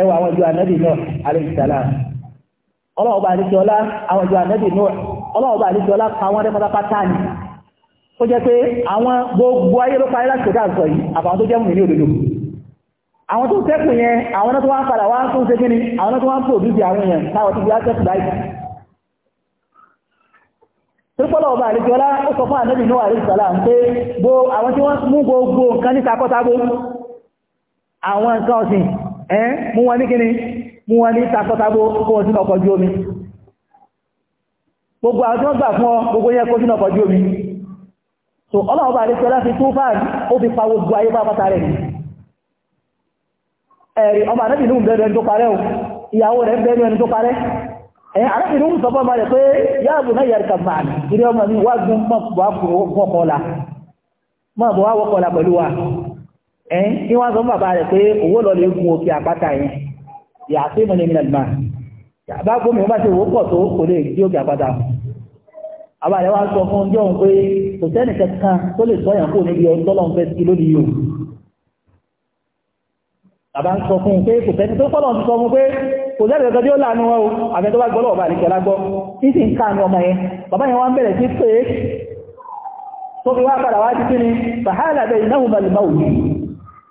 ẹwà àwọn ìjọ ànábì náà alayhi salam ọlọ́ọ̀bà àdíṣọ́lá àwọn ìjọ ànábì náà ọlọ́ọ̀bà àdíṣọ́lá pa wọ́n rẹ́ pátápátá ni ó jẹ́ pé àwọn gbogbo ayé ló parí láti ṣẹ̀dá àṣọ yìí àbàwọn tó jẹ́mù ní òdodo àwọn tó tẹ́kù yẹn àwọn tó wá ń padà wá ń tún ṣe kíni àwọn tó wá ń pòdúsì àwọn èèyàn táwọn tó fi áṣẹ́kù láìsí trípọ́lọ̀ ọba àríkọ́lá ó sọ fún ànábì níwà àríṣàlá ń pé gbogbo àwọn tí wọ́n mú gbogbo nǹkan ní takọ́tagbó àwọn nǹkan ọ̀sìn ẹ́ mú wọn ní kíni mú wọn ní takọ́tabo kó sínú ọkọ̀ omi gbogbo àwọn tí wọ́n gbà fún ọ gbogbo yẹn kó sínú ọkọ̀ ojú omi so ọlọ́run bá àdéṣọ́lá fi tún fáàlì ó fi pa gbogbo ayé bá pátá rẹ̀ ẹ̀rì ọmọ bẹ̀rẹ̀ tó parẹ́ ẹ̀yìn tí wọ́n sọ bàbá rẹ̀ pé owó lọ lè gun òkè àpáta yẹn yàtí ìmọ̀ lè mìíràn gbà bá gómìnà bá ṣe wò pọ̀ tó kò lè dí òkè àpáta àbá rẹ̀ wá sọ fún jọ̀hún pé kò sẹ́nì kankan tó lè sọ yàn kó níbi ọdún tọ́lọ́ fẹ́ sí lónìí yìí o bàbá ń sọ fún un pé kò sẹ́ni tó kọ́lọ̀ ti sọ fún pé kò sẹ́ni kankan tí ó láàánú wọn o àfẹ́ tó bá gbọ́ lọ́wọ́ bá àdìkẹ́ lágbọ́ títí ń káàánú ọmọ yẹn bàbá yẹn wá ń bẹ̀rẹ̀ sí pé tó fi wá padà wá títí ni bàhálà bẹ́ẹ̀ náà mọ̀ lè máa wù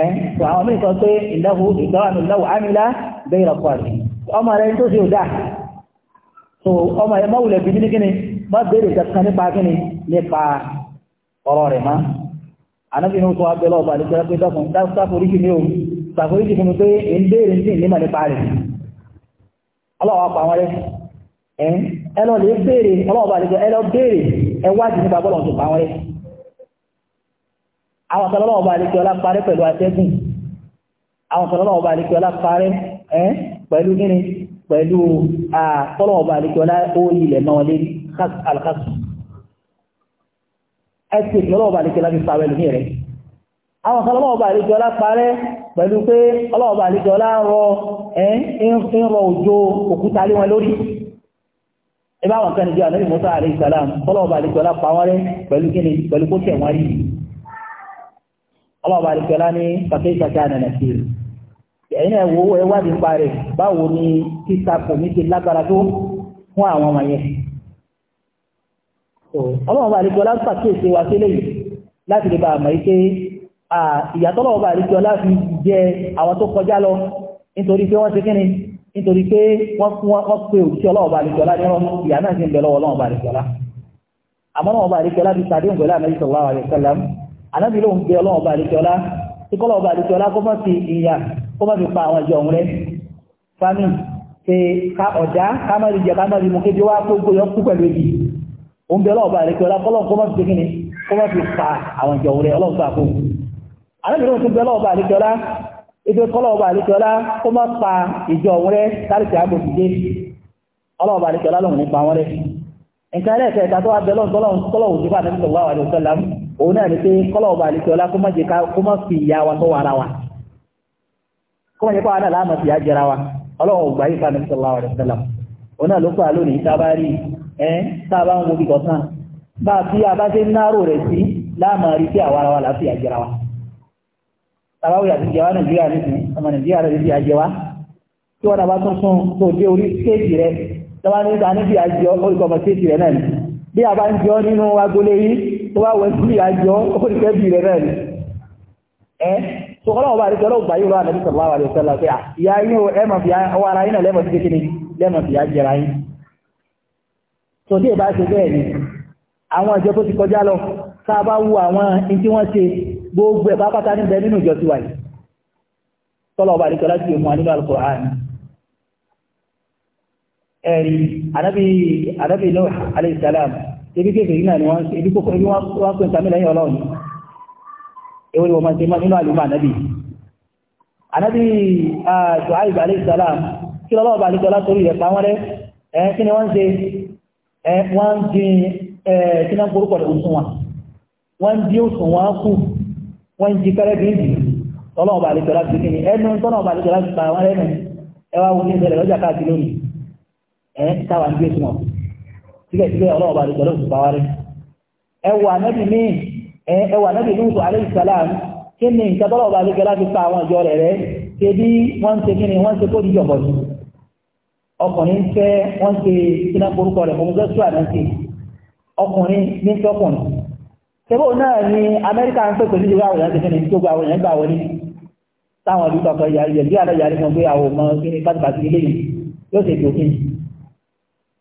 ẹ̀ẹ́n eh, àwọn mí sọ pé ìlẹ́hu ìdáwàmì lọ́wọ́ àmìlá bẹ́ẹ̀rẹ̀ pàdé ọmọ rẹ̀ so ọmọ rẹ̀ mọ́wùlẹ̀ bí ní kíni má bèèrè kankan nípa kíni nípa ọ̀rọ̀ rẹ̀ má anábìnrin sọ abẹ́lọ́ ọba àti àwọn tọ́lọ́wọ́ ọba àlekí ọlá parẹ́ pẹ̀lú atẹ́gùn àwọn tọ́lọ́wọ́ ọba àlekí ọlá parẹ́ ẹ́ pẹ̀lú gíní pẹ̀lú tọ́lọ́wọ́ ọba àlekí ọlá ó ilẹ̀ náà lé alakasu ẹsẹ̀ tọ́lọ́wọ́ ọba àlekí ọlá fi fa wẹ̀lú ní rẹ̀ àwọn tọ́lọ́wọ́ ọba àlekí ọlá parẹ́ pẹ̀lú pé ọlọ́wọ́ ọba àlekí ọlá rọ ẹ́ ń rọ òjò òkúta lé wọn lórí ìbáwọn kan ní bí i ànábì Mùsá àlẹ́ ọba àlekí ọlá pa pẹ̀lú gíní pẹ̀lú kó tẹ̀ rí ọlọ́ọ̀bá àdìsọ́lá ní pàkíyèsí àti ànànà sí i ẹ̀yìn ẹ̀wò owó ẹwádìí parí báwo ni títa kò ní ti lágbára tó fún àwọn ọmọ yẹn ọlọ́ọ̀bá àdìsọ́lá pàkíyèsí wa sílẹ̀ yìí láti lè bá àmọ́ yìí pé ìyàtọ̀ ọlọ́ọ̀bá àdìsọ́lá fi jẹ àwọn tó kọjá lọ nítorí pé wọ́n ti kíni nítorí pé wọ́n pe òkúti ọlọ́ọ̀bá àdìsọ́lá ní ìyá náà ti ń bẹ lọ́wọ́ ọlọ́ọ̀bá àdìsọ́lá àmọ́ ọlọ́ọ̀bá àdìsọ́lá ti sàdéhùn pẹ̀lú àmẹ́sọ̀lá àdìsọ́lá ànábì ló ń gbé ọlọ́run bá àdékọ́lá tí kọ́lọ́ bá àdékọ́lá kó má fi ìyà kó má fi pa àwọn ìjọ òun rẹ fami ṣe ká ọ̀dá ká má rí jẹ ká má rí mu kébi wá kó gbóyọ kú pẹ̀lú èyí ó ń gbé ọlọ́run bá àdékọ́lá kọ́lọ́ kó má fi kíni kó má fi pa àwọn ìjọ òun rẹ ọlọ́run tó àkó ànábì ló ń gbé ọlọ́run bá àdékọ́lá ibi kọ́lọ́ bá àdékọ́lá kó má pa ìjọ òun rẹ tálíkì àgbòkìdé ọlọ́run bá òun náà ni pé kọ́lọ̀ ọba àlejò ọlá kó má jẹ kó má fi ìyá wa tó wàrà wa kó má jẹ kó wà náà láàmà fìyà jẹra wa ọlọ́wọ́ ògbà yìí fàánù sallallahu alaihi wasallam òun náà ló fà lónìí tá a bá rí ẹ tá a bá ń wo bí kọ̀ọ̀tàn bá a fi abáṣe náró rẹ̀ sí láàmà rí sí àwa ara wa láti fìyà jẹra wa tàbáwò yàtí jẹwa nàìjíríà nìsín ọmọ nàìjíríà rẹ̀ fìyà jẹwa tí wọn náà bá tún sún tó dé orí stéèjì rẹ̀ tọ́wọ́ bí a bá ń jọ nínú agolé yìí tó wá wẹ̀ sí àjọ ó ní kẹ́bì rẹ̀ rẹ̀ ni ẹ́ sọkọ́lọ́ ọba àríkẹ́ ọlọ́gbà yóò rán àdébìsọ̀ láwà rẹ̀ sẹ́lá pé ìyá yín ó ẹ̀mọ̀ fi ọwọ́ ara yín náà lẹ́mọ̀ sí kékeré lẹ́mọ̀ fi á jẹra yín tó dé bá ṣe bẹ́ẹ̀ ni àwọn ìjọ tó ti kọjá lọ tá a bá wu àwọn in tí wọ́n ṣe gbogbo ẹ̀ pápátá níbẹ̀ nínú ìjọ tiwa yìí tọ́lọ̀ ọba àríkẹ́ ọlá ẹ̀rí anábì Nuh alayhi salam ibi kékeré náà ni wọ́n ibi kókó ibi wọ́n pè ọlọ́run ewu ni wọ́n máa ṣe máa nínú àlùmọ́ anábì kí torí rẹ̀ kí ni wọ́n ṣe ẹ̀ wọ́n wọ́n ẹ̀ táwa ń gbé sí wọn síbẹ̀síbẹ̀ ọlọ́wọ́ bá dùgbọ́ lọ́sùn báwárí ẹ wò ànábì míì ẹ ẹ wò salam kí ni nǹkan tọ́lọ́wọ́ bá dùgbọ́ láti pa àwọn ìjọ rẹ̀ rẹ̀ ṣe bí wọ́n ń ṣe kí ni wọ́n ń ṣe kó dìjọ bọ̀ sí ọkùnrin fẹ́ wọ́n ṣe kíná forúkọ rẹ̀ fún gẹ́sù àdáńtì ọkùnrin ní sọ́kùnrin ni amẹ́ríkà ń pèpè nílùú àwọn èèyàn ti fẹ́ni tó gba àwọn èèyàn gbà wọlé táwọn ìlú kọ̀ọ̀kan yàrí yàrí yàrí kan pé àwọn ọmọ kí ni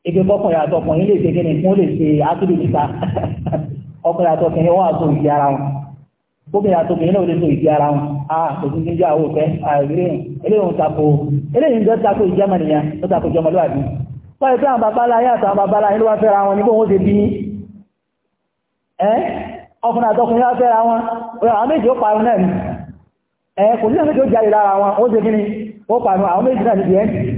ebe kọkùnrin àtọkùnrin lè ṣe kí ni wọ́n lè ṣe átúndì níta ọkùnrin àtọkùnrin wọ́n àtò ìdí ara wọn gómìnà náà lè so ìdí ara wọn a ndị ní jẹ́ àwọn òfẹ́ àìríhùn eléyìí tako eléyìí ń tako tako pé àwọn babalá àtàwọn babalá ló wá fẹ́ra wọn ṣe bí ọkùnrin wá fẹ́ra wọn àwọn méjì ó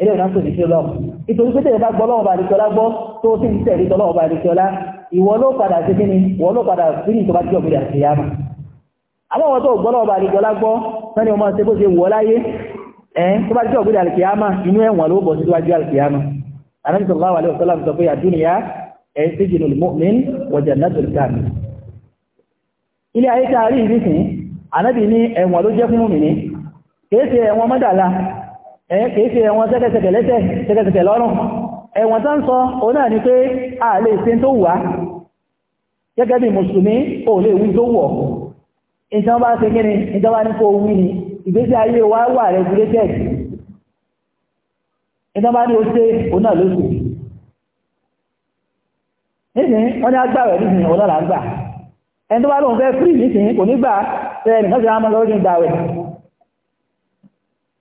ilé ìrántò ní ṣe lọ́wọ́ nítorí pé tẹ̀lé bá gbọ́ lọ́wọ́ bá rí kọlá gbọ́ tó sì ń tẹ̀lé tọ́ lọ́wọ́ bá rí kọlá ìwọ ló padà sí kí ni ìwọ ló padà sí ní ìjọba jọ gbèrè àti yàmà àwọn ọ̀tọ̀ gbọ́ lọ́wọ́ bá rí kọlá gbọ́ sani ọmọ ṣe bó ṣe wọ láyé ẹ̀ tó bá jọ gbèrè àti yàmà inú ẹ̀wọ̀n ló bọ̀ sí kìí ṣe ẹ̀wọ̀n tẹ́kẹ̀tẹ̀kẹ̀ lẹ́sẹ̀ tẹ́kẹ̀tẹ̀kẹ̀ lọ́rùn ẹ̀wọ̀n tán sọ o náà ni pé a lè ṣe tó wà gẹ́gẹ́ bí mùsùlùmí o lè wí tó wọ̀ ìjọba bá ṣe kíni ìjọba ní kó wí ni ìgbésí ayé wa wà regulated ìjọba ní o ṣe o náà ló ṣe nísìnyí wọ́n ní agbára nísìnyí ọlọ́lá gbà ẹni tó bá lóun fẹ́ free nísìnyí kò ní gbà ẹnìkan ṣe á mọ́ lọ́dún gbà rẹ̀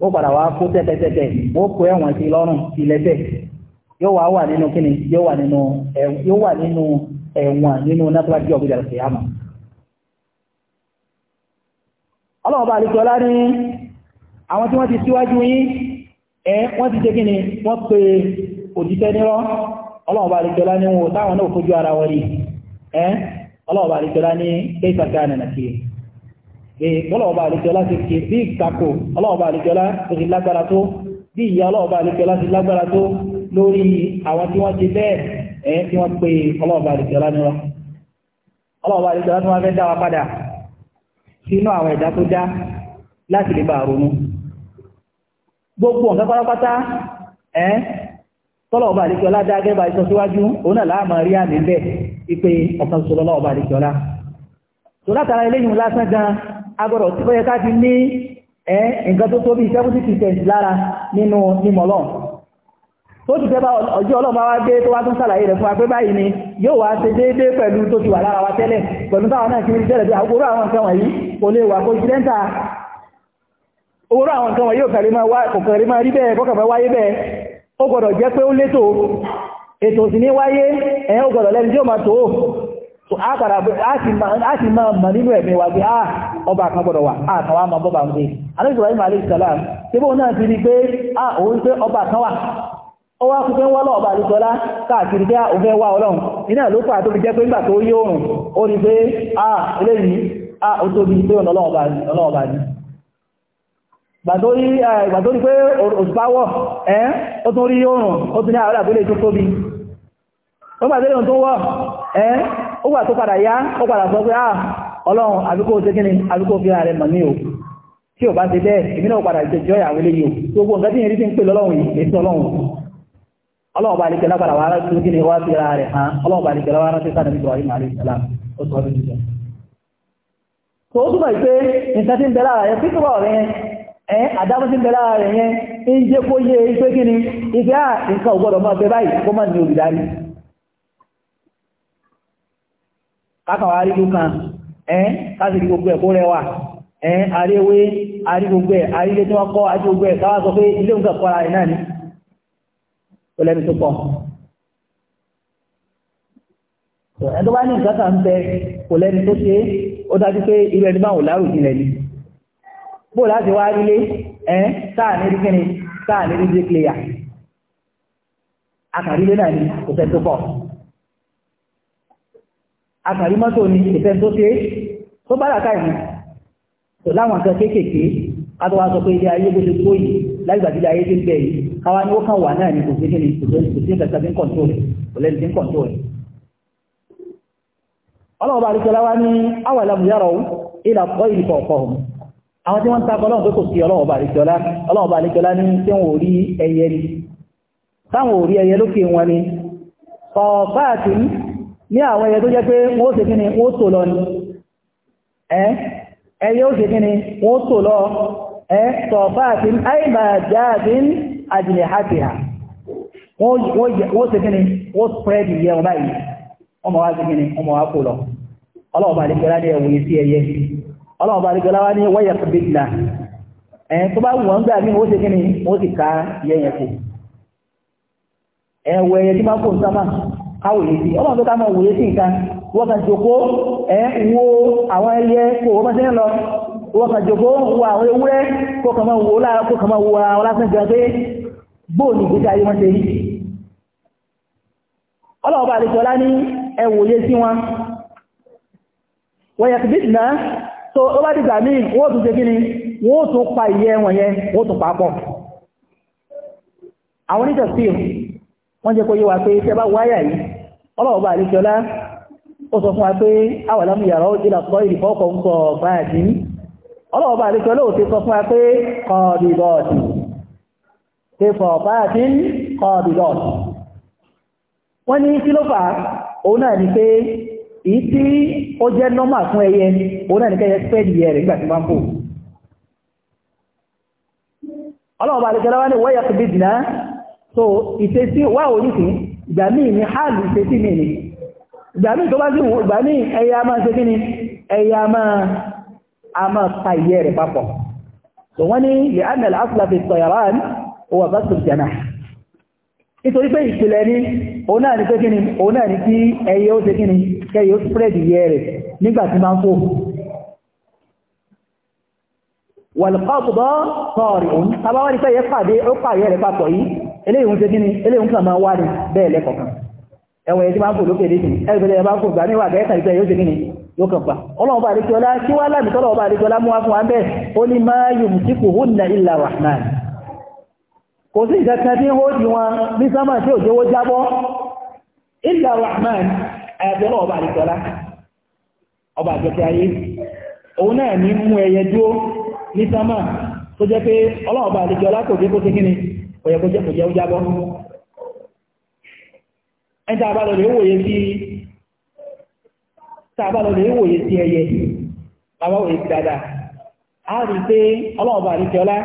ó padà wá kó tẹ́tẹ́tẹ́tẹ́ ó kó ẹ̀wọ̀n ti lọ́rùn sí lẹ́sẹ̀ yóò wá wà nínú kíni yóò wà nínú ẹ̀wọ̀n nínú natural job ìdàlù sí àmà ọlọ́ọ̀bá àlùkọ́lá ní àwọn tí wọ́n ti síwájú ẹ wọ́n ti pe òjíṣẹ́ nírọ́ ọlọ́ọ̀bá ní táwọn náà ara wọn rí ẹ ọlọ́ọ̀bá ní bọ́lọ̀ọ̀bá àlejọ́lá ti kè bí ìkàkò ọlọ́ọ̀bá àlejọ́lá tó ti lágbára tó bí ìyá ọlọ́ọ̀bá àlejọ́lá ti lágbára tó lórí àwọn tí wọ́n ti bẹ́ẹ̀ ẹ̀ tí wọ́n pe ọlọ́ọ̀bá àlejọ́lá nírọ́ ọlọ́ọ̀bá àlejọ́lá tó wọ́n fẹ́ dá wa padà sínú àwọn ẹ̀dá tó dá láti lè bá ronú gbogbo ọ̀gá pátápátá ẹ̀ tọ́lọ̀ọ̀bá àlejọ́lá dá gẹ́gbà ìsọsíwájú òun agbọ́dọ̀ tí wọ́n yẹ ká ní ẹ́ nǹkan tó tó bí lára nínú nímọ̀lọ́ tó ti ọjọọ bá ọjọ́ ọlọ́mọ wá dé tó wá tún sàlàyé rẹ̀ fún wa pé báyìí ni yóò wá ṣe pẹ̀lú tó ti wà lára wa tẹ́lẹ̀ pẹ̀lú táwọn náà tẹ́lẹ̀ bí àwọn nǹkan wọ̀nyí kò lè wà kó àwọn nǹkan wọ̀nyí máa rí bẹ́ẹ̀ wáyé bẹ́ẹ̀ ó gbọ́dọ̀ jẹ́ pé ó a ti ma ma nínú ẹ̀mí wa bí a ah, ọba kan gbọ́dọ̀ wà wa máa bọ́bà ń gbé alẹ́sọ̀rọ̀ ìmọ̀ náà ti pé a ah, òun pé ọba kan wà ó wá fúnfẹ́ ọba káàkiri pé ah, fẹ́ wá ọlọ́run iná ló jẹ́ pé nígbà tó yí oòrùn ó a eléyìí a ó tóbi pé ni gbàtórí pé ẹ́ ó tún rí oòrùn ó tún ní àwọn tó tóbi ó ó gbà tó padà yá ó padà sọ pé ah ọlọ́run àbíkó ṣe kí ni àbíkó fi ààrẹ mọ̀ ní o tí ò bá ti bẹ́ẹ̀ èmi náà padà jẹjọ ìyàwó lè yìí o gbogbo nǹkan tí yẹn rí ti ń pè lọ́lọ́run yìí èso ọlọ́run ọlọ́run bá lè kẹlá padà wàhálà tó kí ni wá sí ara rẹ̀ hàn o túbọ̀ pé nǹkan tí ń bẹ lára rẹ̀ fífúrọ̀ rẹ̀ yẹn ẹ̀ àdámọ́ tí ń bẹ lára rẹ̀ yẹn ń jẹ́ kó yé ipe e kí ni ìgbà ah, nǹkan ò gbọ́dọ̀ máa bẹ báyìí kó má ní olùdarí kákàwà rí lúkan ẹ́n káàkiri rí gbogbo ẹ̀kó rẹwà ẹ́n aríwé arí gbogbo ẹ̀ arílé tí wọ́n kọ́ àti gbogbo ẹ̀ káwà sọ pé ilé òǹkà kọ́ra ẹ̀ náà ni ó lẹ́nu tó pọ̀ ẹ̀ tó bá ní nǹkan kan bẹ kò lẹ́nu tó ṣe ó dájú pé irú ẹni báwọn lárò jìnlẹ̀ ni àtàrí mọ́tò ní ìfẹ́ tó ṣe tó bá làkà ìmú tó láwọn àṣọ kéékèèké kátó wá sọ pé ilé ayé gbèsè tó yìí lágbà tí ilé ayé ti ń bẹ̀ yìí káwa ni ó kàn wà náà ní kò sí kíni kò sí kẹta tí ń kọ̀ǹtò rẹ̀ kò lẹ́ni tí ń kọ̀ǹtò rẹ̀. ọlọ́run bá àdìsọ́lá wá ní àwọn ìlànà yàrá òun ìlà kọ́ ìlú kọ̀ọ̀kọ̀ òun àwọn tí wọ́n ń ta ọlọ́run pé kò sí ní àwọn ẹyẹ tó jẹ́ pé wọ́n ṣe kíni wọ́n lọ ni ẹ́ ẹyẹ ó se kíni wọ́n tò lọ ẹ́ tọ̀fáàtín àìbàjáàtín àjìnlẹ̀ àtìhà wọ́n ṣe kíni wọ́n spread ìyẹ wọn báyìí ọmọ wá ṣe kíni ọmọ wá lọ ọlọ́ọ̀bà káwòye sí ọmọ tó ká mọ̀ wòye sí nǹkan wọ́n kan jòkó ẹ̀ wo àwọn ẹyẹ kò wọ́n mọ́sẹ́ lọ wọ́n kan jòkó wo àwọn ewúrẹ́ kó kàn máa wo lára kó kàn máa wo ara wọn lásán jọ pé bóòlù ìgbésí ayé wọn ṣe rí ọlọ́ọ̀bá àdìsọ́lá ní ẹ wòye sí wọn wọ́n yẹ kìbìtì náà so ó bá dìgbà míì wọ́n tún ṣe kí ni wọ́n tún pa ìyẹ́ wọn yẹn wọ́n tún pa pọ̀ àwọn onítẹ̀sí wọ́n jẹ́ kó yé wa pé tẹ́ bá wáyà yìí ọlọ́ọ̀bá àríṣọ́lá ó sọ fún wa pé àwàlámù yàrá ìlà pọ̀ ìrìfọ́kọ̀ ń kọ̀ báyìí ọlọ́ọ̀bá àríṣọ́lá ò ti sọ fún wa pé kọ̀ọ̀dìdọ̀ọ̀dì pé fọ̀ báyìí kọ̀ọ̀dìdọ̀ọ̀dì wọ́n ní kí ló fà òun náà ni pé èyí tí ó jẹ́ nọ́mà fún ẹyẹ òun náà ni kẹ́yẹ spẹ́ẹ̀dì so ìtẹ́sí wà ò nísìnyí ìgbà míì ní ṣe sí mi ni ìgbà míì tó bá sí wọn ìgbà míì máa ṣe kí ni ẹyà máa a máa pa ìyẹ́ rẹ̀ papọ̀ tó wọ́n ní lè ánà láàfúlà fi sọ̀yàrá ní owó àbáṣe jẹ̀nà nítorí pé ìpìlẹ̀ ni òun náà ní kí ẹyẹ ó ṣe kí ni spread ìyẹ́ rẹ̀ nígbà tí máa ń fò wàlùkọ́ ọ̀bùbọ́ sọ̀rì òun tàbá wọ́n ní pé ẹyẹ pàdé ó pàyẹ́ rẹ̀ papọ̀ yìí ele iwu ṣe kí ni eléyìí ń kàn máa wá ní bẹ́ẹ̀ lẹ́kọ̀ọ̀kan ẹ̀wọ̀n ẹ̀tí máa ń kò lókè lé sí ẹgbẹ̀rẹ̀ ẹ̀bá kò gbà níwà gẹ́ẹ̀kà ìgbẹ̀ yóò ṣe yóò kàn pa ọlọ́run bá ọlá ọba ọlá mú fún wa bẹ́ẹ̀ ó na ilà kò sí tí di wọn ní sámà tí ò jẹ́wọ́ jábọ́ ilà ọlọ́run ọba ọba ayé òun náà ní mú ẹyẹ dúró ní sámà ọba ọlá kò dé ọ̀yẹ́ kó jẹ́ kò jẹ́ ó jábọ́ ẹni lọ lè wòye sí lọ lè wòye sí ẹyẹ bàbá wòye sí a rí pé ọlọ́ọ̀bà àríkẹ́ọlá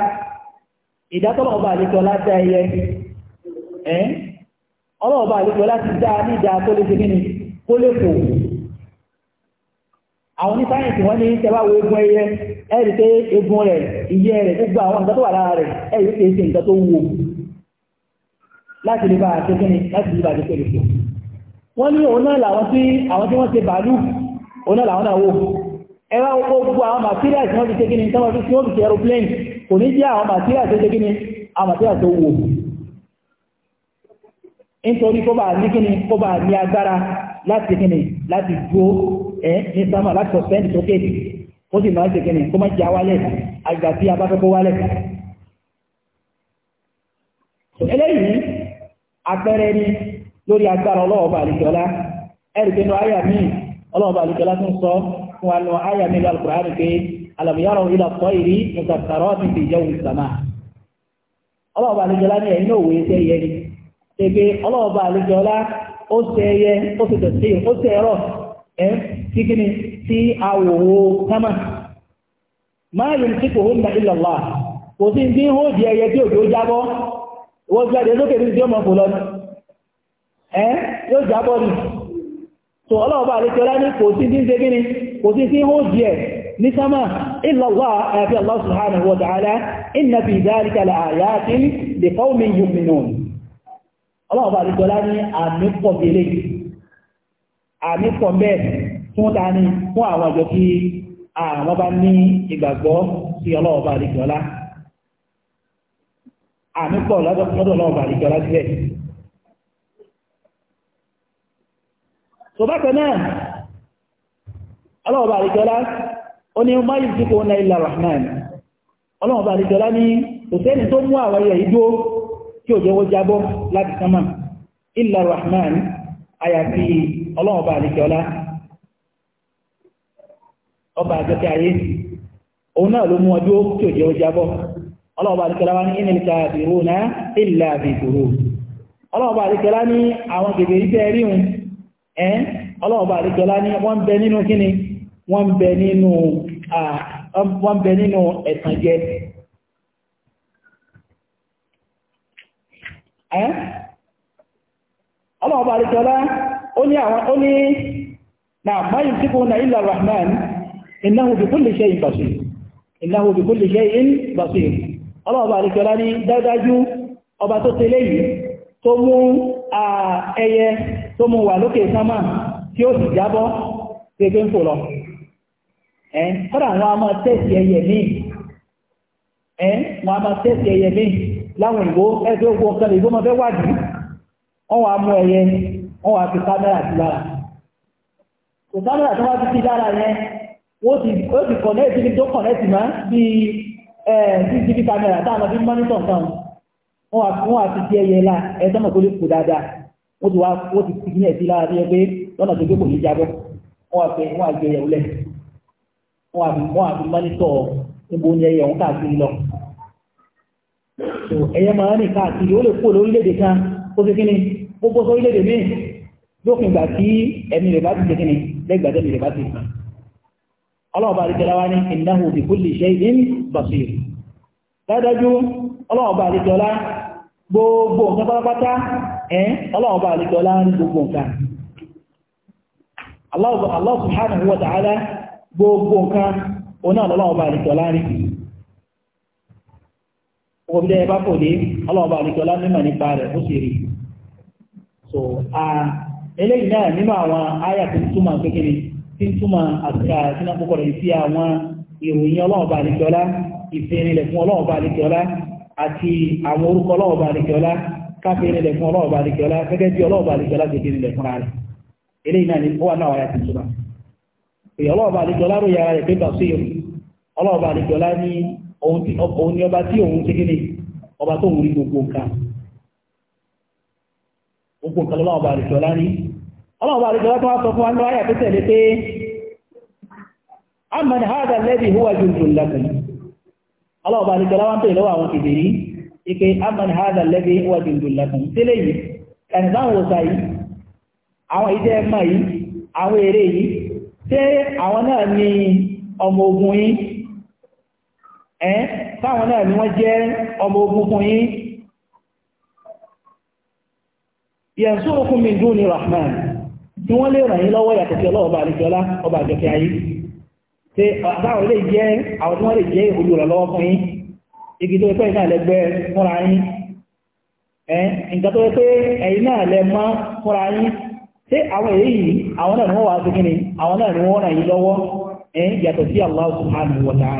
ìdátọ́lọ́ọ̀bà àríkẹ́ọlá dá ẹyẹ ẹ́ ọlọ́ọ̀bà ti dá ní ìdá tó àwọn ní sáyẹ̀nsì wọ́n ní tẹ́wà wo egun ẹyẹ ẹ̀rì pé egun rẹ̀ ìyẹ́ rẹ̀ gbogbo àwọn nǹkan tó wà lára rẹ̀ ẹ̀rì pé ṣe nǹkan tó wù láti lè bá àṣẹ kíni láti lè bá àṣẹ pẹ̀lú wọ́n ní òun náà làwọn tí àwọn tí wọ́n ṣe bàálù òun náà làwọn náà wò ẹwà gbogbo àwọn material tí wọ́n ti ṣe kíni tí wọ́n ti ṣe aeroplane kò ní jẹ́ àwọn material tó ṣe kíni àwọn material tó wò nítorí kó bá ní kíni kó bá ní agbára láti kíni láti dúó ẹ ní sámà láti sọ̀spẹ́ndì sókè ó sì máa ń ṣe kíni kó má jà wálẹ̀ àgbà tí a bá fẹ́ kó wálẹ̀. eléyìí àpẹẹrẹ ni lórí agbára ọlọ́ọ̀bà àlìkọ́lá ẹ̀rì pé nínú àyà míì ọlọ́ọ̀bà àlìkọ́lá tún sọ fún wa nínú àyà míì lálùkùrá rẹ̀ pé alàmìyàrá ìlà pọ̀ ìrí mùsàkàrọ̀ ti fi jẹun ìsàmà ọlọ́ọ̀bà àlìkọ́lá ní ẹ̀yìn òwe iṣẹ́ yẹni ó ṣe ẹyẹ ó ṣe tẹ̀sí ó ṣe ẹ̀rọ ẹ̀ tí kí ni tí awòwò kámà máa yìí tí kò hóńdà illa Allah kò sí ní ó di ẹyẹ tí òjò jábọ́ wọ́n jáde lókè ní ìdí ọmọ kò lọ ẹ̀ yóò jábọ́ ni tó ọlọ́ọ̀bá àlejòlá ní kò sí ní ṣe kí kò sí sí ó di ẹ̀ ní sámà illa Allah àyàfi Allah subhanahu wa ta'ala inna fi dhalika la ayatin li qawmin ọlọ́ọ̀bá àdìjọlá ní àmì pọ̀ délé àmì pọ̀ bẹ́ẹ̀ fún dání fún àwọn àjọ tí àwọn bá ní ìgbàgbọ́ sí ọlọ́ọ̀bá àdìjọlá àmì pọ̀ lọ́dọ̀ ọlọ́ọ̀bá àdìjọlá sílẹ̀ tòbákan náà ọlọ́ọ̀bá àdìjọlá ó ní máyìí tí kò ń na ilẹ̀ rahman ọlọ́ọ̀bá àdìjọlá ní kò sẹ́ni tó mú àwọn ẹ̀yẹ ìdúró tí òjò wọ́n jábọ́ láti sánmà illa rahman àyàfi ọlọ́run ọba ọba àjọkẹ́ ayé òun náà ló mú ọjọ́ tí jábọ́ wá ní ní àwọn iṣẹ́ ríhun ẹ́ ní wọ́n bẹ nínú ọlọ́ọ̀bá àríkọlá ó ní àwọn ó ní na mayin tí kún na illa rahman innahu bi kulli shay'in basir innahu bi kulli shay'in basir ọlọ́ọ̀bá àríkọlá ní ọba tó tẹ́lẹ̀ yìí tó mú ẹyẹ tó mú wà lókè sánmà tí ó sì jábọ́ gẹ́gẹ́ láwọn ìbò ẹgbẹ́ ogun ọ̀sẹ̀lẹ̀ ìbò máa fẹ́ wádìí wọ́n wá mú ẹyẹ wọ́n wá fi kámẹ́rà sí lára kò kámẹ́rà tó wá fi sí lára yẹn ó ti kọ̀nẹ́ẹ̀tì ní tó kọ̀nẹ́ẹ̀tì máa bí cctv kámẹ́rà táwọn fi mọ́nítọ̀ kan wọ́n wá fi sí ẹyẹ la ẹ̀ẹ́dọ́mọ̀ tó lè kù dáadáa ó ti wá ó ti fi ní ẹ̀sí lára tó yẹ pé lọ́nà tó gbé kò ní jábọ́ wọ́n wá fi wọ́n wá gbé ẹyẹ wọlé wọ́n wá fi mọ́nítọ̀ níbo ni ẹyẹ òun káàkiri lọ tó ẹyẹ máa rìn káàkiri ó lè kó lórílẹ̀-èdè kan ó ṣe kíni ó bọ́ sórílẹ̀-èdè míì lópin ìgbà tí ẹ̀mí rẹ̀ bá ti ṣe kíni lẹ́gbàá tẹ́mi rẹ̀ bá ti sàn ọlọ́ọ̀bá àríkẹ́lá wá ní innahu bi kulli shay'in gbogbo bí ẹ bá kò dé ọlọ́ọ̀bá àríkọlá mímọ̀ nípa rẹ̀ ó sì rí so a eléyìí náà nínú àwọn àyà tó ń túmọ̀ kékeré tí ń àtúkà tí kọ́kọ́ rẹ̀ sí àwọn ìròyìn ọlọ́ọ̀bá àríkọlá ìfẹ́rinlẹ̀ fún ọlọ́ọ̀bá àríkọlá àti àwọn orúkọ ọlọ́ọ̀bá àríkọlá káfẹ́rinlẹ̀ fún ọlọ́ọ̀bá àríkọlá gẹ́gẹ́ bí ọlọ́ọ̀bá àríkọlá ti fẹ́rinlẹ̀ ni ó ara rẹ̀ òun ni ọba tí òun ṣe ọba tó ń gbogbo nǹkan gbogbo nǹkan lọ́wọ́ ọba àrìṣọ́ lárí ọlọ́ọ̀bá àrìṣọ́ láti sọ fún wọn láyà tó tẹ̀lé pé amman hada alladhi huwa jundun lakum ọlọ́ọ̀bá àrìṣọ́ ike ẹ́ táwọn náà ni wọ́n jẹ́ ọmọ ogun fún yín rahman tí wọ́n lè ràn yín lọ́wọ́ yàtọ̀ ọlọ́ọ̀bà àríkẹ́lá ọba àjọkẹ́ ayé tí àtàwọn ilé jẹ́ àwọn lè jẹ́ olùrànlọ́wọ́ fún igi tó pẹ́ náà lẹ́gbẹ́ fúnra yín ẹ́ nǹkan tó pé ẹ̀yin náà lẹ mọ́ fúnra tí àwọn èyí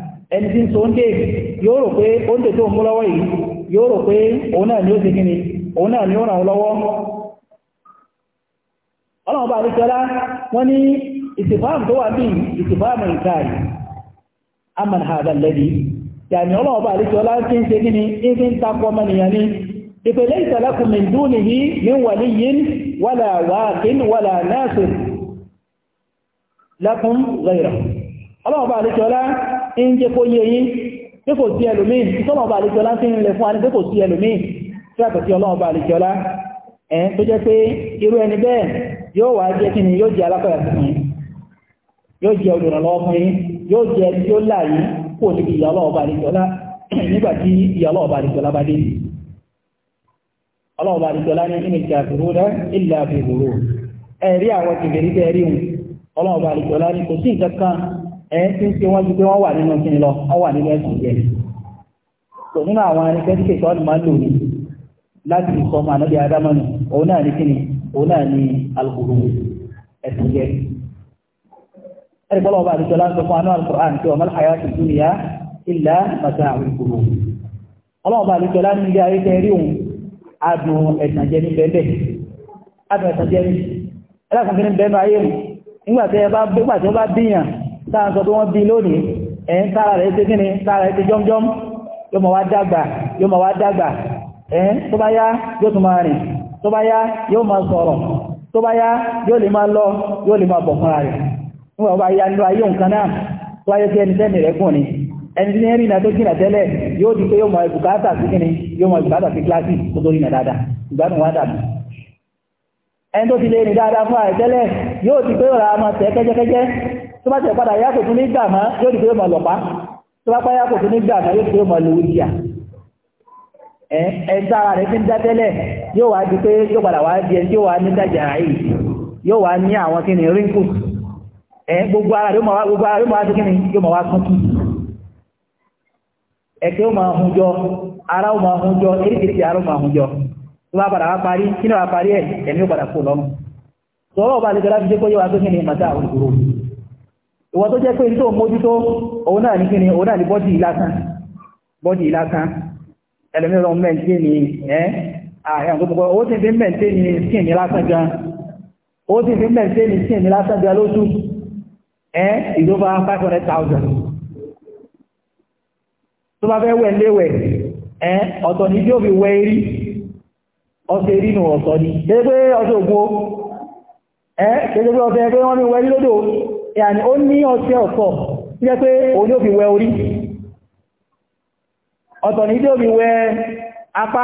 ẹni tí ń so oúnjẹ yóò rò pé oúnjẹ tó ń mú lọ́wọ́ yìí yóò rò pé òun náà ni ó ti kíni òun náà ni ó ràn lọ́wọ́ ọlọ́run bá àríkẹ́lá wọ́n ní ìsìfáàmù tó wà ní ìsìfáàmù ìkáàrí amman hadha alladhi yàmì ọlọ́run bá àríkẹ́lá tí ń ṣe ń jẹ́ kó yé yín pé kò sí ẹlòmíì ìtọ́lọ̀ ọba àlejọ́lá sí ilẹ̀ fún wa kò sí ẹlòmíì alijọla àtọ̀ sí ọlọ́ọba àlejọ́lá ẹ̀ tó jẹ́ pé irú ẹni bẹ́ẹ̀ yóò wá jẹ́ kí ni yóò jẹ́ alákọ̀yà fún yín yóò ní ẹ̀yìn tí ń ṣe wọ́n ju pé wọ́n wà nínú kí ni lọ wọ́n wà nínú ẹ̀sìn jẹ́ tó nínú àwọn anìkẹ́síkè tó ọ̀nà máa ń lò ní láti sọ ọmọ ànábì adámọ́nù òun náà ní kí ni òun náà ní alukoro ẹ̀sìn jẹ́ ẹ̀rí bọ́lá ọba àdìjọ láti sọ fún anú alukur'an tí ọmọ àyà ti dùn níyà ilà màtà àwìkúrò ọlọ́ọ̀ba àdìjọ láti ilé ayé tẹ́ rí òun adùn ẹ̀sìn jẹ́ ní bẹ́ẹ̀ adùn ẹ̀sìn jẹ́ táà sọ pé wọ́n bí lónìí ẹ̀yìn tára rẹ̀ ṣe kíni tára rẹ̀ ṣe jọmjọm yóò máa wá dàgbà yóò máa wá dàgbà ẹ̀yìn tó bá yá yóò tún máa rìn tó bá yá yóò máa sọ̀rọ̀ tó bá yá yóò lè máa lọ yóò lè máa bọ̀ fúnra rẹ̀ nígbà bá yá nínú ayé nǹkan náà tó ayé tí ẹni tẹ́ni rẹ̀ gùn ni ẹni tí ń rìnà tó jìnà tẹ́lẹ̀ yóò di pé yóò máa bùkátà sí kíni yóò máa bùkátà sí kíláàsì tó tó rìnà dáadáa ẹni tó ti lè rìn dáadáa fún àìtẹ́lẹ̀ yóò ti pé ọ̀rọ̀ àmọ́ tẹ́ kẹ́jẹ́kẹ́jẹ́ tó bá tẹ̀ padà yákò tún ní gbà mọ́ yóò dìgbò mọ̀ lọ́pá tó bá pá yákò tún ní gbà mọ́ yóò dìgbò mọ̀ lówó díà ẹ̀ẹ́dá ara rẹ̀ ti ń dá tẹ́lẹ̀ yóò wá di pé yóò padà wá di ẹ tí ó wá ní dájà yìí yóò wá ní àwọn kíni ríńkù ẹ gbogbo ara yóò máa gbogbo ara yóò máa ti kíni yóò máa wá tuntun ẹ̀kẹ́ ó máa hun jọ ara ó máa hun jọ eréjìrìjì ara ó máa hun jọ tó bá padà wá parí kí ni wá parí ẹ̀ ẹ̀mí ó padà kó lọ́rùn tọ́wọ́ bá lè gbọ́dá fi dé kó yẹ wá kíni màtá àwọn ìgbòho ìwọ tó jẹ́ pé ní tó mójútó òun náà ní kí ni òun náà ní bọ́dì bọ́dì ni ẹ́ àyàn tó gbogbo ó ti fi ni lásán gan ó ti fi ni lásán gan lóṣù ẹ́ five hundred thousand tó bá fẹ́ wẹ̀ léwẹ̀ ẹ́ ọ̀tọ̀ tí ó fi ọ̀sẹ̀ ọ̀tọ̀ ni ògbó yàní ó ní ọṣẹ ọ̀fọ̀ tí jẹ́ pé òun ni ó fi wẹ orí ọ̀tọ̀ ní tí ó fi wẹ apá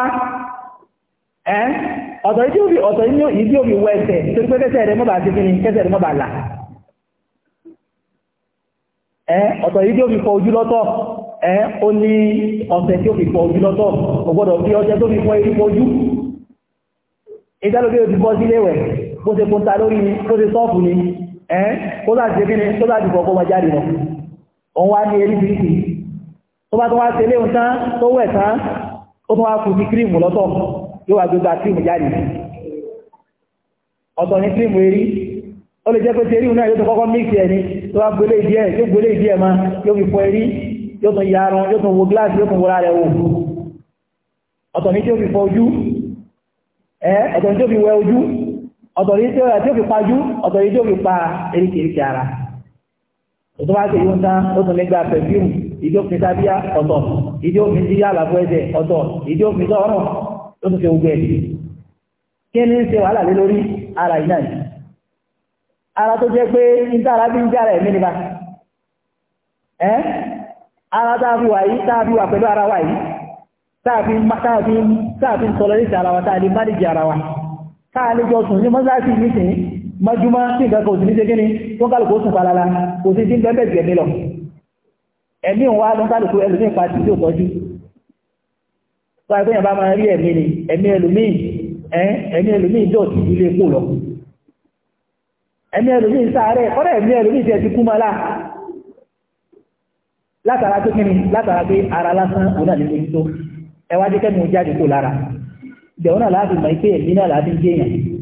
ẹ́ ọ̀tọ̀ ní tí ó fi ọ̀tọ̀ ní tí ó fi wẹ ẹsẹ̀ tó ní pé kẹsẹ̀ rẹ̀ mọ́bà ti kíni kẹsẹ̀ rẹ̀ mọ́bà là ẹ́ ọ̀tọ̀ ní tí ó fi fọ ojú lọ́tọ̀ ẹ́ ó ní ọṣẹ tí ó fi fọ ojú lọ́tọ̀ kò gbọ́dọ̀ fi ọṣẹ tó fi fọ ojú ojú ìdálógé ó ti bọ́ sílé wẹ̀ bó ṣe kúnta lórí ni bó ṣe sọ́ọ̀fù ni ẹ́ kó láti bí ní tó láti fọ́ ọgbọ́n jáde lọ òun wá ní eríṣiríṣi tó bá tó wá ṣe léhun tán tó wẹ̀ tán ó tún wá kù sí kírìmù lọ́tọ̀ yóò wá gbégbá kírìmù jáde ọ̀tọ̀ ní kírìmù erí ó lè jẹ́ pé tẹ́rí náà yóò tó kọ́kọ́ mix ẹ̀ ni tó wá gbélé ìdí ẹ̀ yóò gbélé ìdí ẹ̀ ma yóò fi fọ erí yóò tún ya arun yóò tún wo gíláàsì yóò tún wọ́ra rẹ̀ wò ọ̀tọ̀ ní tí ó fi fọ ojú ẹ̀ ọ̀tọ̀ ní tí ó fi wẹ ojú ọ̀tọ̀rí tí ó yà tí ó fi pajú ọ̀tọ̀rí tí ó fi pa eríkèríkè ara tó bá ṣe yóò tán ó tún lè gba pẹ̀fíùmù ìdí òfin sábíà ọ̀tọ̀ ìdí òfin sí àlàfo ẹsẹ̀ ọ̀tọ̀ ìdí òfin sọ́rọ̀ tó tún fi gbogbo ẹ̀sìn kí ni ń ṣe wàhálà lé lórí ara yìí náà ara tó jẹ́ pé ní tára bí ń jára ẹ̀mí nípa ẹ́ ara táàbí wà yìí táàbí wà pẹ̀lú ara wà yìí táàbí ń sọ̀rọ̀ ní ìṣàlàwà táàbí má káàlejò sùn ní mọ́sáàsì nìsín mọ́júmọ́ sí nǹkan kan òsìníṣe gíní tó kálùkù ó sùn palala kò sí sí ń bẹ́ẹ̀ jẹ̀mí lọ ẹ̀mí òun wá ló kálùkù ẹlòmíì pa sí òtọ́jú tó àìpé yàn bá máa rí ẹ̀mí ni ẹ̀mí ẹlòmíì ẹ̀mí ẹlòmíì jọ sí ilé epo lọ ẹ̀mí ẹlòmíì sáárẹ̀ kọ́dọ̀ ẹ̀mí ẹlòmíì jẹ́ ti kú mọ́ lá látara pé kíni látara pé ara lásán òun náà lè lóyún tó ẹwà jẹ́ kẹ́mi ó jáde kó lára ìjẹun náà láti mọ̀ ike ẹ̀mí náà láti jẹ́ èèyàn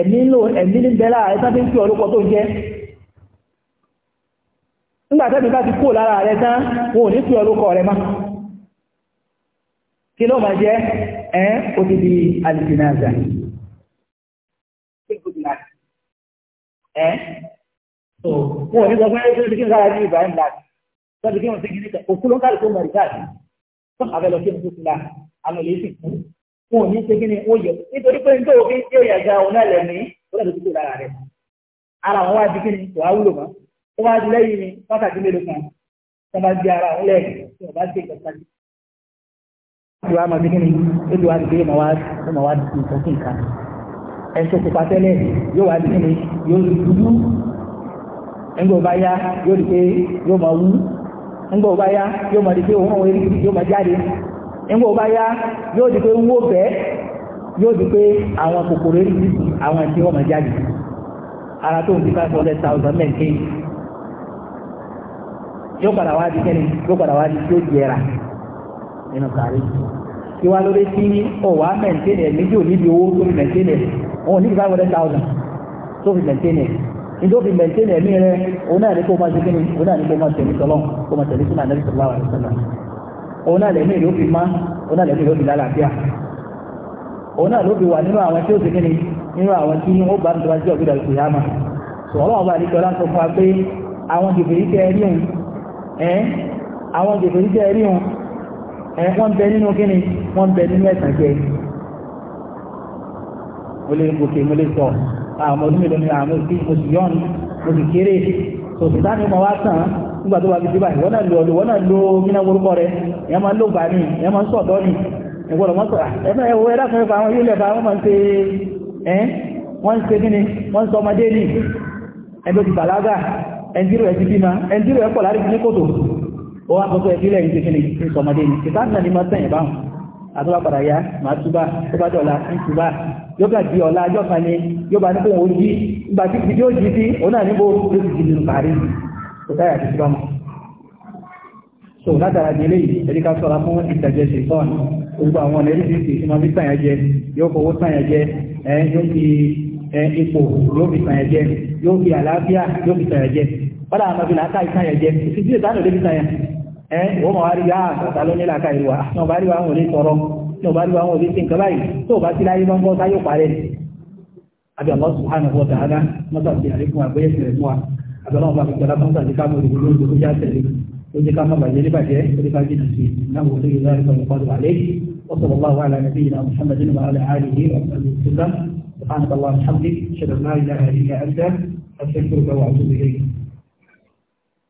ẹ̀mí ló ẹ̀mí ní bẹ́lá ẹ̀sán tí ń fi ọlọ́pọ̀ tó jẹ́ nígbàtẹ́bí bá ti kó lára rẹ̀ tán wọn ò ní fi ọlọ́pọ̀ rẹ̀ máa kí ló máa jẹ́ ẹ́ ó ti di alìsìnáàzà ẹ́ wọn ò ní sọ pé ẹ́ tó ti kí n sára ní Ibrahim láti sọ́dí kí wọ́n ti kí ní kà òkú ló ń kálukú mọ̀rí káàkiri fún wọn ò ní ṣe kí ni wọ́n yọ nítorí pé nítorí òfin tí ó yà ga òun náà lẹ́mí ó lẹ́nu títí lára rẹ̀ ara wọn wá di kí ni kò á wúlò mọ́ tó bá di lẹ́yìn ni wákàtí mélòó kan tó bá di ara òun lẹ́yìn tí wọ́n bá ṣe ìjọba jù. olùwà máa di kí ni olùwà ti gbé wá tó màá wá di nǹkan sí nǹkan ẹ̀sùn kò pàtẹ́lẹ̀ yóò wá di kí ni yóò di dúdú ńgbò bá yá yóò di pé yóò máa wú ńgbò bá yá yóò máa di pé òun nígbà bá yá yóò di pé ń wó bẹ́ẹ̀ yóò di pé àwọn kòkòrò èyí àwọn ẹ̀sìn ọmọ jáde ara tó ń fi five hundred thousand mẹ́ǹkì yóò padà wá di kẹ́ni yóò padà wá di tí ó jẹra nínú sàárè kí wá lórí tí ọ̀wá mẹ́ǹkì ẹ̀ méjì ò níbi owó tó fi mẹ́ǹkì ẹ̀ òun níbi five hundred thousand tó fi mẹ́ǹkì ẹ̀ nítorí fi mẹ́ǹtẹ́nì ẹ̀mí rẹ̀ òun náà ní kó máa ṣe kí ni òun náà ní kó máa tẹ̀lé sọlọ́n kó máa tẹ̀lé sínú ànábì òun náà lẹ́mí ìlú fi má òun náà lẹ́mí ìlú fi lálàáfíà òun náà ló fi wà nínú àwọn tí ó ti kíni nínú àwọn tí ó bá ń tọ́jú sí ọ̀gbẹ́dà ìpè yàmà sọ̀rọ̀ ọba àdìsọ láti fún wa pé àwọn jìbìrì tẹ́ rí òun ẹ́ àwọn jìbìrì tẹ́ rí òun ẹ́ wọ́n bẹ nínú kíni wọ́n bẹ nínú ẹ̀sàn jẹ́ mo lè gòkè mo lè sọ àwọn ọmọ ọdún mélòó ni àwọn mo sì yọ̀n mo sì kéré sòsìtánì ọmọ wa sàn nígbà tó bá fi síbà ìwọ́n náà lo ọdún wọ́n náà lo mínà orúkọ rẹ̀ ìyẹn máa ń lò bá ní ìyẹn máa ń sọ̀tọ́ ní ìgbọ́dọ̀ mọ́ sọ̀rọ̀ ah, ẹ̀fẹ́ ẹ̀wọ́ ẹ̀dá fún ẹ̀fà àwọn yìí lẹ̀fà wọ́n máa ń ṣe ẹ́ wọ́n ń ṣe kíni wọ́n ń sọ ọmọdé ní ẹgbẹ́ ti bàlágà ẹnjírò ẹ̀ ti bímá ẹnjírò ẹ̀ pọ̀ láti ní kòtò ó wá kọ́kọ́ ẹ̀ sílẹ̀ ìṣe kíni ń sọ ọmọdé ní ìta náà ni máa ni yóò bá ní kó kò táyà ti sọ́mù so látara di eléyìí ẹni ká sọ́ra fún ìtàjẹ́ ṣe tọ́ọ̀nù gbogbo àwọn ọ̀nà eléyìí ti máa fi tàyà jẹ yóò fowó tàyà jẹ ẹ yóò fi ẹ ipò yóò fi tàyà jẹ yóò fi àlàáfíà yóò fi tàyà jẹ wọ́n dà máa fi làákà ìtàyà jẹ ìfisí ìtànà òde fi tàyà ẹ wọ́n máa wá rí yá ah, àtàtà ló ní làákà ìwà ní ọba rí Allah subhanahu wa ta'ala mọ́tàbí àlékún àgbẹ̀yẹsẹ̀ àbẹ̀lọ́ ọba àgbẹ̀lá fúnta ní káàmù òdìbò lórí gbogbo já tẹ̀lé ó jẹ́ káàmù bàjẹ́ ní bàjẹ́ ó ní káàmù jìnnà sí náà wọ́n lórí láti sọ̀rọ̀ fọ́dù àlẹ́ وصلى الله على نبينا محمد وعلى اله وصحبه وسلم سبحانك اللهم وبحمدك اشهد ان لا اله الا انت استغفرك واتوب اليك